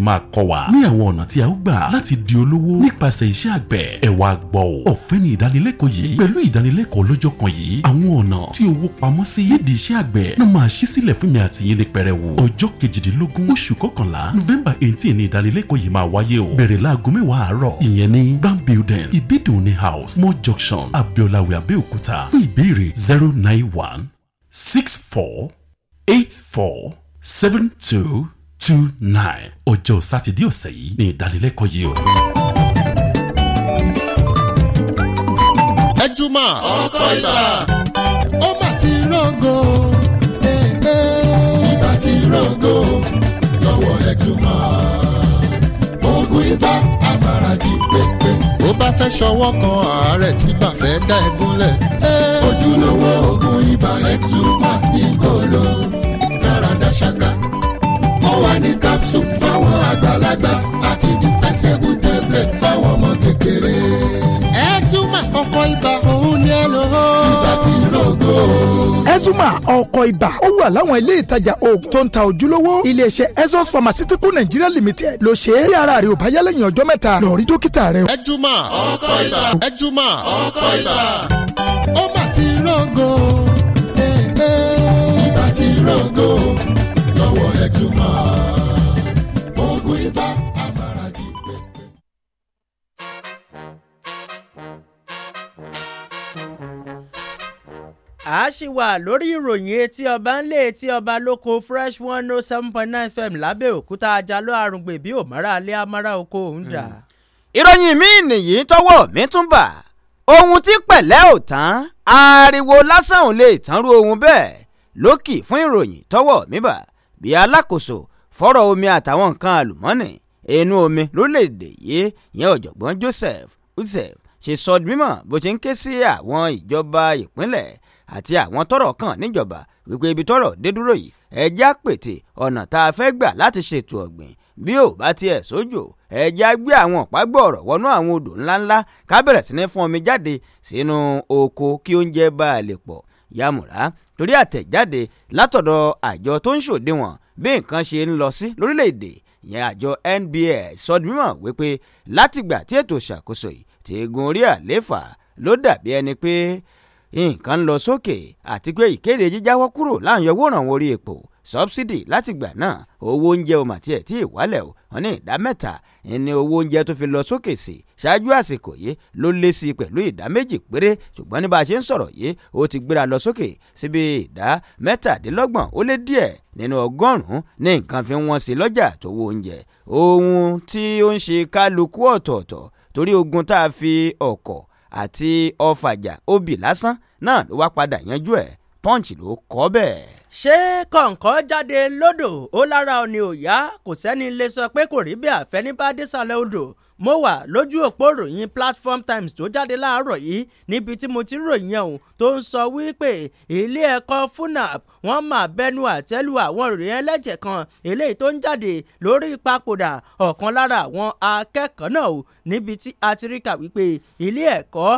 ni máa kọ́ wa ní àwọn ọ̀nà tí a ó gbà láti di olówó nípasẹ̀ iṣẹ́ àgbẹ̀ ẹ wá o ọ̀fẹ́ ni ìdánilẹ́kọ̀ọ́ yìí pẹ̀lú ìdánilẹ́kọ̀ọ́ lọ́jọ́ kan yìí àwọn ọ̀nà tí owó pamọ́ sí nídìí iṣẹ́ àgbẹ̀ náà máa ṣí sílẹ̀ fún mi àti yín ní pẹrẹwu ọjọ́ kejìdínlógún oṣù kọkànlá november eighteen ni ìdánilẹ́kọ̀ọ́ yìí máa wáyé o bẹ̀rẹ̀ láago mẹ́wàá àárọ̀ ìyẹn ní grand building house mo junction abiolawe abeokuta fún ìbéèrè zero nine one six four eight four seven two two nine ọjọ́ sátidé ọ̀sẹ̀ yìí ni ìdánilẹ́kọ̀ọ́ yìí o. ẹjúmọ́ ọkọ̀ ibà ó bá ti rògo ibà ti rògo lọ́wọ́ ẹjúmọ́ oògùn ibà abarajì pépé. bó bá fẹ́ ṣọwọ́ kan àárẹ̀ tí bá fẹ́ dá ẹ gúnlẹ̀. ojúlówó oògùn ibà ẹjúmọ́ ní kò lò. àgbàlagbà àti dispensable tablet fáwọn ọmọ kékeré. ẹ tún máa kọ́kọ́ ibà òun ni ẹ lò ó. ibà tí rògbò. Ezuma ọkọ̀ ibà ó wà láwọn ilé ìtajà oògùn tó ń ta ojúlówó iléeṣẹ́ Ezos Pharmaceutical Nigeria Limited ló ṣe é bí ara rẹ̀ ò bá yá lẹ́yìn ọjọ́ mẹ́ta lọ rí dókítà rẹ̀. Ezuma ọkọ̀ ibà Ezuma ọkọ̀ ibà ó bá ti rògbò. ibà ti rògbò lọ́wọ́ Ezuma. a ṣì wà lórí ìròyìn etí ọba ńlé etí ọba lóko fresh one oh seven point nine fm lábẹ́òkúta ajalo àrùngbè bí òmárà alẹ́ amára oko òun dà. Hmm. ìròyìn mi nìyí tọwọ́ mi tún bà ohun tí pẹ̀lẹ́ ò tán ariwo lásán ò lè tánrú ohun bẹ́ẹ̀ lókì fún ìròyìn tọwọ́ mi bà bí alákòóso fọ́rọ̀ omi àtàwọn nǹkan àlùmọ́nì inú omi lórílẹ̀‐èdè yìí ìyẹn ọ̀jọ̀gbọ́n Joseph Usef ṣe sọ mímọ̀ bó ṣe ń ké sí àwọn ìjọba ìpínlẹ̀ àti àwọn tọ́rọ̀ kàn níjọba wípé ibi tọ́rọ̀ dé dúró yìí ẹjẹ́ àpètè ọ̀nà tá a fẹ́ gbà láti ṣètò ọ̀gbìn bí ò bá tiẹ̀ sójò ẹjẹ́ á gbé àwọn ọ̀pá gbọ̀ọ̀rọ̀ wọnú àwọn odò ńláńlá ká bẹ̀rẹ̀ sí ní fún omi jáde sínú oko kí oúnjẹ bá a lè pọ̀ yàmùrá torí àtẹ̀jáde látọ̀dọ̀ àjọ tó ń ṣòdiwọ̀n bí nǹkan ṣe ń lọ sí lórílẹ̀‐èdè ìyẹn àjọ NBS sọdúnmọ̀ wípé látìgbà tí ètò ìṣàkóso yìí ti gun orí àléfà ló dàbí ẹni pé nǹkan ń lọ sókè àti pé ìkéde jíjáwọ́ kúrò láàyàn owó ìrànwọ́ orí epo sọ́bsidì látìgbà náà owó oúnjẹ ò mà tiẹ̀ tí ì wálẹ̀ o wọn ní ìdá mẹ́ta ní owó oúnjẹ tó fi lọ sókè sí ṣáájú àsìkò yìí ló lé sí i pẹ̀lú ìdá méjì péré ṣùgbọ́n ní bá a ṣe ń sọ̀rọ̀ yìí ó ti gbéra lọ sókè síbi ìdá mẹ́tàdínlọ́gbọ̀n ó lé díẹ̀ nínú ọgọ́rùn-ún ní nǹkan fi wọ́n sí lọ́jà tó owó oúnjẹ ohun tí ó ń ṣe kálukú ọ̀tọ̀ọ̀tọ̀ torí ogun tá a fi ọkọ̀ àti ọ̀fàjà obì lásán náà ló wá padà yanjú ẹ̀ punch ló kọ́ bẹ́ẹ̀. ṣé kọ̀ǹkọ́ jáde lódò ó lára òní òyà kò sẹ́ni lè sọ pé kò rí bí àfẹnibádé sálẹ̀ odò mo wà lójú òpó ròyìn platform times tó jáde láàárọ̀ yìí níbi tí mo ti ròyìn ọ̀hún tó ń sọ wípé ilé ẹ̀kọ́ funab wọ́n máa bẹnu àtẹ́lu àwọn ìròyìn ẹlẹ́jẹ̀ kan eléyìí tó ń jáde lórí ìpapòdà ọ̀kan lára àwọn akẹ́kọ̀ọ́ náà o níbi tí a ti rí kà wípé ilé ẹ̀kọ́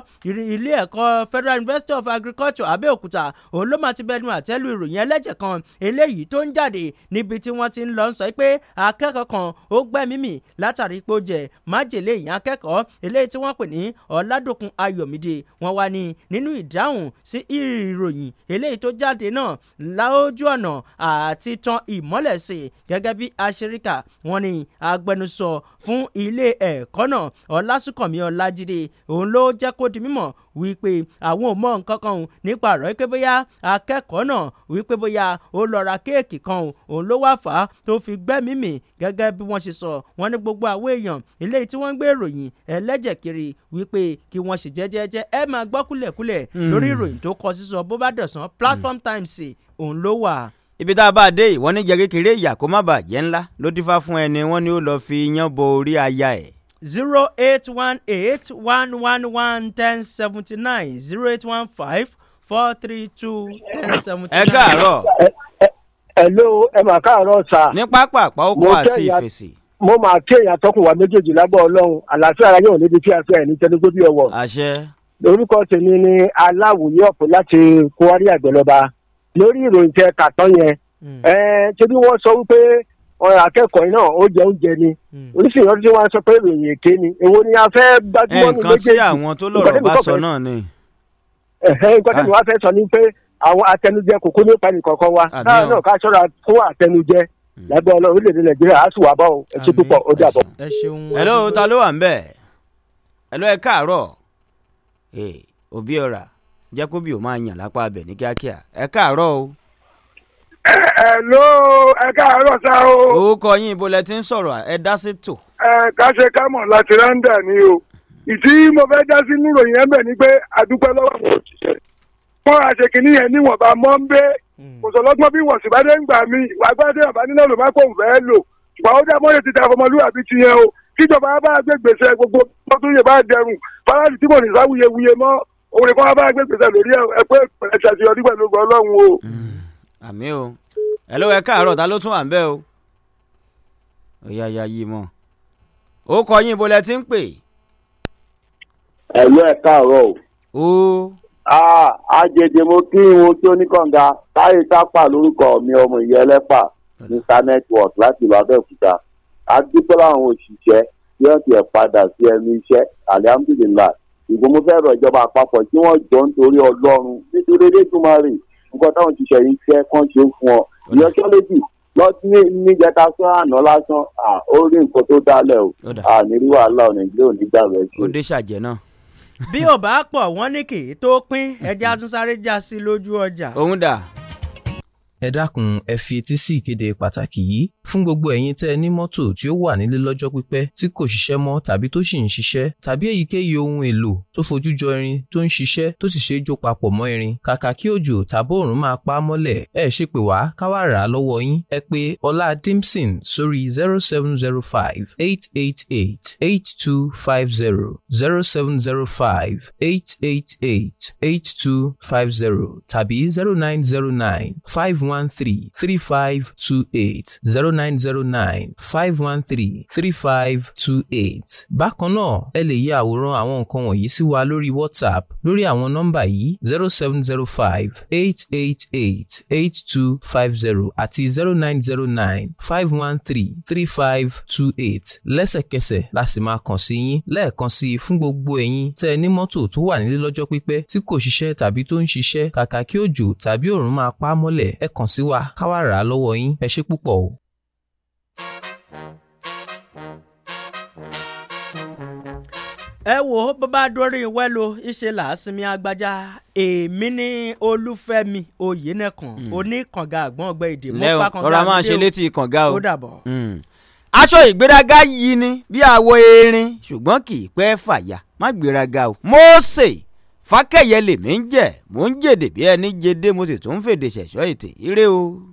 ilé ẹ̀kọ́ federal university of agriculture abeokuta òun ló máa ti bẹnu àtẹ́lu ìròyìn ẹlẹ́jẹ̀ kan eléyìí tó ń jáde níbi tí wọ́n ti ń lọ sọ pé akẹ́kọ̀ọ́ kan ó gbẹ́mímì látàrí pé ó jẹ máj májèlé ìyàn akẹ́kọ̀ọ́ eléyìí tí wọ́n pè ní ọ̀làdòkun ayọ̀mídé wọn wá ní nínú ìdáhùn sí ìròyìn eléyìí tó jáde náà láójú ọ̀nà àti tan ìmọ́lẹ̀ sí gẹ́gẹ́ bí aṣeríkà wọn ni agbẹnusọ fún ilé ẹ̀kọ́ náà ọ̀làsùnkànmí ọ̀làjídé òun ló jẹ́ kó di mímọ̀ wípé àwọn ò mọ nǹkan kan òun nípa ọ̀rọ̀ wípé bóyá akẹ́kọ̀ọ́ náà wípé bóyá ó lọ ra kéèkì kan òun òun ló wá fà á tó fi gbẹ́mìí mì gẹ́gẹ́ bí wọ́n ṣe sọ wọ́n ní gbogbo àwọn èèyàn eléyìí tí wọ́n ń gbé ìròyìn ẹlẹ́jẹ̀ kiri wípé kí wọ́n ṣe jẹ́jẹ́jẹ́ ẹ máa gbọ́ kúlẹ̀kúlẹ̀ hmm. lórí ìròyìn tó kọ sísọ bó bá dọ̀sán platform hmm. times òun ló wà ibi tá a bá dé ìwọ níjẹ kékeré ìyà kó má bàjẹ́ ńlá ló dífá fún ẹni wọn ni ó lọ zero eight one eight one one one ten seventy nine zero eight one five four three two ten seventy nine. ẹ káàárọ̀. hello ẹ mà káàárọ̀ sà. ní pápá àpáwọ́kọ́ àti ìfèsì. mo máa ké èèyàn tọkùn wa méjèèjì lábọ́ ọlọ́run àlàáfíà ara yóò níbi tí a fẹ́ ní tẹnugbó bí ọwọ́. àṣẹ. orúkọ tèmi ni aláwòye ọ̀pọ̀ láti kówárí àgbẹ̀lọba lórí ìròyìn tẹ kàtọ́ yẹn. Hmm. ẹ ṣe bí wọ́n sọ wípé akẹ́kọ̀ọ́ náà ó jẹ oúnjẹ ni hmm. oríṣiríṣi ọdún tí wọ́n sọ pé ìròyìn èké ni èwo ni a fẹ́ eh, méjèèjì. tí àwọn ah. sọ ni. tí fẹ́ pé àwọn atẹnujẹ kò kó nípa ẹnìkọ̀ọ̀kan wa náà náà ká ṣọ́ra fún àtẹnujẹ hmm. lábẹ́ ọlọ́run orílẹ̀-èdè nàìjíríà á sì wà bá ẹ ṣe púpọ̀ ó dàbọ̀. ta ló wà ń bẹ́ẹ̀? ẹ ẹ ló ẹ káàárọ̀ sá o. orúkọ yín ibo lẹ ti ń sọ̀rọ̀ ẹ dá sí tò. ẹ ká ṣe kámọ̀ láti ráńdà ni o ìdí mo fẹ́ dá sí níròyìn ẹ̀ bẹ̀ ni pé àdúpẹ́ lọ́wọ́ àwọn òṣìṣẹ́ wọn àṣẹ kìíní yẹn níwọ̀nba mọ́ńbé hmm. kò sọ lọ́gbọ́n bí wọ́n sì bá dé ń gbà mí wà á gbọ́dọ̀ àbá nílẹ̀ ló má kó ń fẹ́ lò ṣùgbọ́n ó dá mọ́lẹ̀ ti ta ọmọlúwàbí ti yẹn o kíjọba bá gbé gbèsè gbogbo tó tún yẹ bá dẹrùn fáráàlú tí kò ní sáwùyewuye mọ́ òun nìkan bá gbé gbèsè lórí ẹ pé ẹ̀ṣẹ̀ àti pẹ̀lú ọlọ́run o. Hmm àmì o ẹ ló wẹ káàárọ̀ ta ló tún wà ń bẹ̀ o ó yá ya yìí mọ̀ ó kọ yín ibo lẹ ti ń pè. ẹ̀lú ẹ̀ káàárọ̀ o. ó. àjèjì mo kí irun tí ó ní kànga táyé tápà lórúkọ mi ọmọ ìyá ẹlẹ́pà níta network láti ìlú abẹ́òkúta adúpẹ́ láwọn òṣìṣẹ́ tí wọ́n ti ẹ̀ padà sí ẹnu iṣẹ́ alihamudulilayi ìgbìmọ̀ fẹ́ rọ ìjọba àpapọ̀ tí wọ́n jọ nítorí ọlọ́run nítorí elédùnmarè nǹkan táwọn ti ṣẹ̀yìn fẹ́ kán ṣe fún ọ ìyọṣọ́ méjì lọ́dún níjẹta sọ àná lásán ó rí nǹkan tó dálẹ̀ o àníru wàhálà nàìjíríà ò ní gbàgbé sí. òde ṣàjẹ́ náà. bí ò bá pọ̀ wọ́n ní kì í tó pín ẹja tún sáré já sí lójú ọjà. òun dà. ẹ dákun ẹ fi etí sí ìkéde pàtàkì yìí fún gbogbo ẹ̀yin tẹ́ ẹ ní mọ́tò tí ó wà nílé lọ́jọ́ pípẹ́ tí kò ṣiṣẹ́ mọ́ tàbí tó sì ń ṣiṣẹ́ tàbí èyíkéyìí ohun èlò tó fojú jọ irin tó ń ṣiṣẹ́ tó sì ṣe é jó papọ̀ mọ́ irin kàkà kí òjò tàbí òòrùn máa pa á mọ́lẹ̀ ẹ ṣe pé wá ká wá rà á lọ́wọ́ yín ẹ pé ọlá dimson sórí zero seven zero five eight eight eight eight two five zero zero seven zero five eight eight eight eight two five zero tàbí zero nine zero nine five one three three five two eight zero 0909 513 3528. Bákan náà, ẹ lè ya àwòrán àwọn nǹkan wọ̀nyí sí wa lórí WhatsApp lórí àwọn nọ́mbà yìí 0705 888 8250 àti 0909 513 3528. Lẹ́sẹ̀kẹsẹ̀ la sì máa kàn sí yín lẹ́ẹ̀kan sí i fún gbogbo ẹ̀yin tẹ́ ẹ ní mọ́tò tó wà nílé lọ́jọ́ pípẹ́ tí kò ṣiṣẹ́ tàbí tó ń ṣiṣẹ́ kàkà kí òjò tàbí òòrùn máa pa á mọ́lẹ̀ ẹ kàn sí wa ká wá rà á lọ́wọ́ yín ẹ ṣé púpọ̀ o ẹ wo bó bá dórí wẹ́lo ńṣe làásìmí agbájá èmi ní olúfẹ́mi oyinẹ̀kan hmm. oníkànga àgbọ̀n ọgbẹ́ èdè mọ́pá kànga ọ̀rọ̀ máa ṣe létí kànga o hmm. aṣọ ìgbéraga yìí ni bí àwọ̀ erin ṣùgbọ́n kì í pẹ́ fàyà má gbéraga o Mósè fákẹ́yẹ lèmi ń jẹ́ mò ń jèdè bí ẹni jẹdé mo sì tún ń fèdè ṣẹ̀ṣọ́ ètè ire o.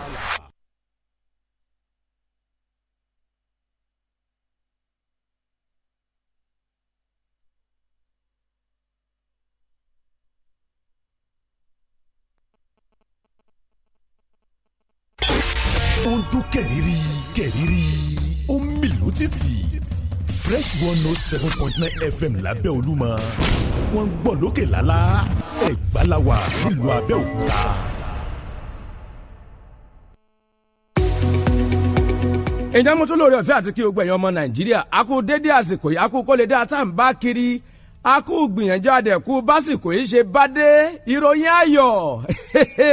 one oh seven point nine FM lábẹ́ Olúmọ wọ́n gbọ́ lókè lálá Ẹ̀gbá la wà nílùú Abẹ́òkúta. ǹjẹ́ mo tún lóore ọ̀fẹ́ àti kí o gbẹ̀yìn ọmọ Nàìjíríà a kú dédé àsìkò yìí a kú kó lè dá tá à ń bá kiri a kú gbìyànjú àdẹ̀kú básìkò yìí ṣe bá dé ìròyìn ayọ̀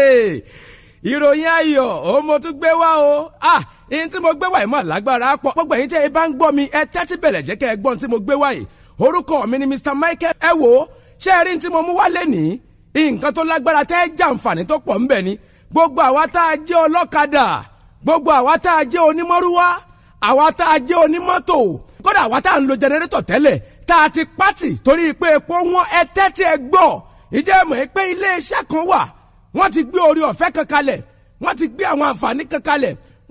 ìròyìn ayọ̀ ó mo tún gbé wá o ah ihun tí mo gbé wáyé mọ̀ lágbára pọ̀ gbogbo ẹ̀yin tẹ́ ẹ bá ń gbọ́ mi ẹ tẹ́tí bẹ̀rẹ̀ jẹ́ kẹ́ ẹ gbọ́n tí mo gbé wáyé orúkọ mi ni Mr Michael ẹ wò ṣé ẹ rí tí mo mú wá lẹ́nìí nǹkan tó lágbára tẹ́ ẹ jàǹfààní tó pọ̀ ńbẹ ni gbogbo àwa tá a jẹ́ ọlọ́kadà gbogbo àwa tá a jẹ́ onímọ́rúwá àwa tá a jẹ́ onímọ́tò kódà àwa tá a ń lo jẹnẹrétọ̀ tẹ́lẹ̀ tá a ti pátì torí pé epo wọn ẹ tẹ́tí ẹ gbọ́ ìjẹ́ mọ̀ pé iléeṣẹ́ kan wà wọ́n ti gbé orí ọ̀fẹ́ kan wọ́n ti gbé àwọn àǹfààní kan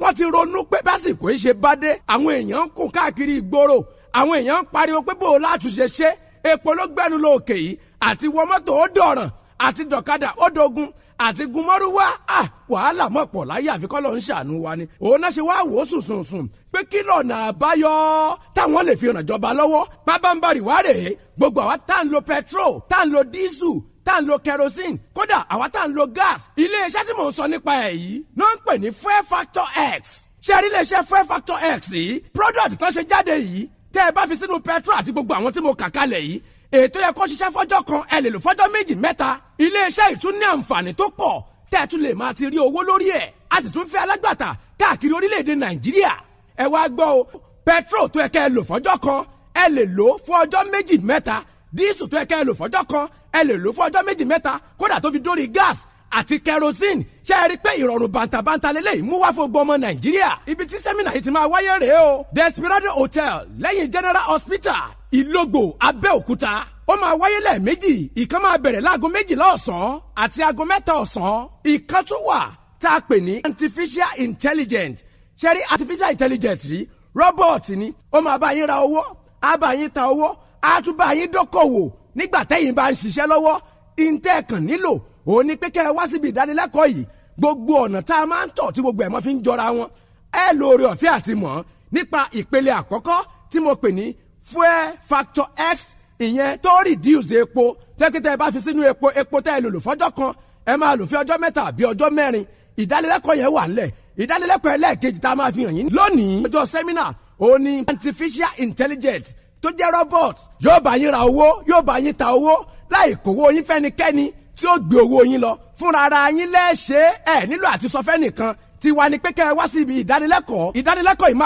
wọ́n ti ronú pé básìkò ìṣe bá dé àwọn èèyàn ń kùn káàkiri ìgboro àwọn èèyàn ń pariwo pé bò látúnṣe ṣe epo ló gbẹnu lọ òkè yìí àti wọ mọ́tò ó dọ̀ràn àti dọ̀kadà ó dogun àti gunmọ́rúwá à ah, wàhálà mọ̀ pọ̀ láyé àfikọ́ ló ń ṣàánú wa ni òun náà ṣe wá wò ó sùn sùn sùn pé kí lọ́nà àbáyọ táwọn lè fi ràn jọba lọ́wọ́ pábánbarì wá rèé gbogbo àwa tá à ń lo petrol tá à ń lo dísù tá à ń lo kerosene kódà àwa tá à ń lo gas iléeṣẹ́ tí mò ń sọ nípa ẹ̀ yìí náà ń pè ní fuel factor x ṣé rí iléeṣẹ́ fuel factor x yìí product tán ṣe jáde yìí tẹ́ ẹ bá fi sínú petrol àti gbogbo àwọn tí mo kà kalẹ̀ yìí ètò yẹ kó ṣiṣẹ́ fọ́jọ́ kan ẹ lè lò fọ́jọ́ méjì mẹ́ta iléeṣẹ́ ìtún ní àǹfààní tó pọ̀ tẹ́ ẹ tún lè máa ti rí owó lórí ẹ̀ a sì tún fẹ́ alágbàtà káàkiri orílẹ̀-èdè nàìjíríà ẹ wá gbọ́ o petrol tó yẹ kẹ́ ẹ lò fọ́jọ́ kan ẹ lè lò fún méjì mẹ́ta díìsù tó yẹ kẹ́ ẹ lò fọ́jọ́ kan ẹ lè lò fún ọjọ́ méjì mẹ́ta kódà tó fi dórí gas àti kerosene ṣe é rí i pé ìrọ̀rùn bàǹtàbàǹtà lélẹ́yìí mú wá fún gbọmọ nàìjíríà ibi tí sẹ́mínà yìí ti máa wáyé rèé o Desperado Hotel lẹ́yìn General Hospital Ìlógbò Abẹ́òkúta ó máa wáyé lẹ́ẹ̀mejì ìkan máa bẹ̀rẹ̀ láago méjìlá ọ̀sán àti aago mẹ́ta ọ̀sán ìkan tún wà tá a pè ní artificial intelligence ṣe rí artificial intelligence yìí rọ́bọ̀tì ni ó máa bá yín ra owó á bá yín ta owó á tún bá yín dókòwò nígbà tẹ́yìn bá ń ṣiṣẹ́ lọ́wọ́ ìǹtẹ́ kàn nílò òun ni pé kẹ́ ẹ wá síbi ìdánilẹ́kọ̀ọ́ yìí gbogbo ọ̀nà tá a máa ń tọ̀ tí gbogbo ẹ̀ mọ́ fi ń jọra wọn ẹ lóore ọ̀fẹ́ àti mọ̀ nípa ìpele àkọ́kọ́ tí mo pè ní fuel factor x ìyẹn tó reduce epo tẹ́kítẹ́ bá fi sínú epo epo tẹ́ ẹ lò lò fọ́jọ́ kan ẹ máa lò fi ọjọ́ mẹ́ta àbí ọjọ́ mẹ́rin ìdánilẹ́kọ̀ọ́ yẹn wà ńlẹ̀ ìdánilẹ́kọ̀ọ́ ẹlẹ́ẹ̀kejì tá a máa fi hàn yín lónìí ọjọ́ sẹ́mínà òun ni artificial intelligence tó jẹ́ robot yóò bá yín ra owó yóò bá yín ta owó láì kówó yín fẹ́nikẹ́ni tí ó gbé owó yín lọ fúnra ara yín lẹ́ẹ̀ṣẹ́ ẹ̀ nílò àti sọ fẹ́nìkan tiwa ni pé kẹ́ ẹ wá síbi ìdánilẹ́kọ̀ọ́ ìdánilẹ́kọ̀ọ́ ìmọ̀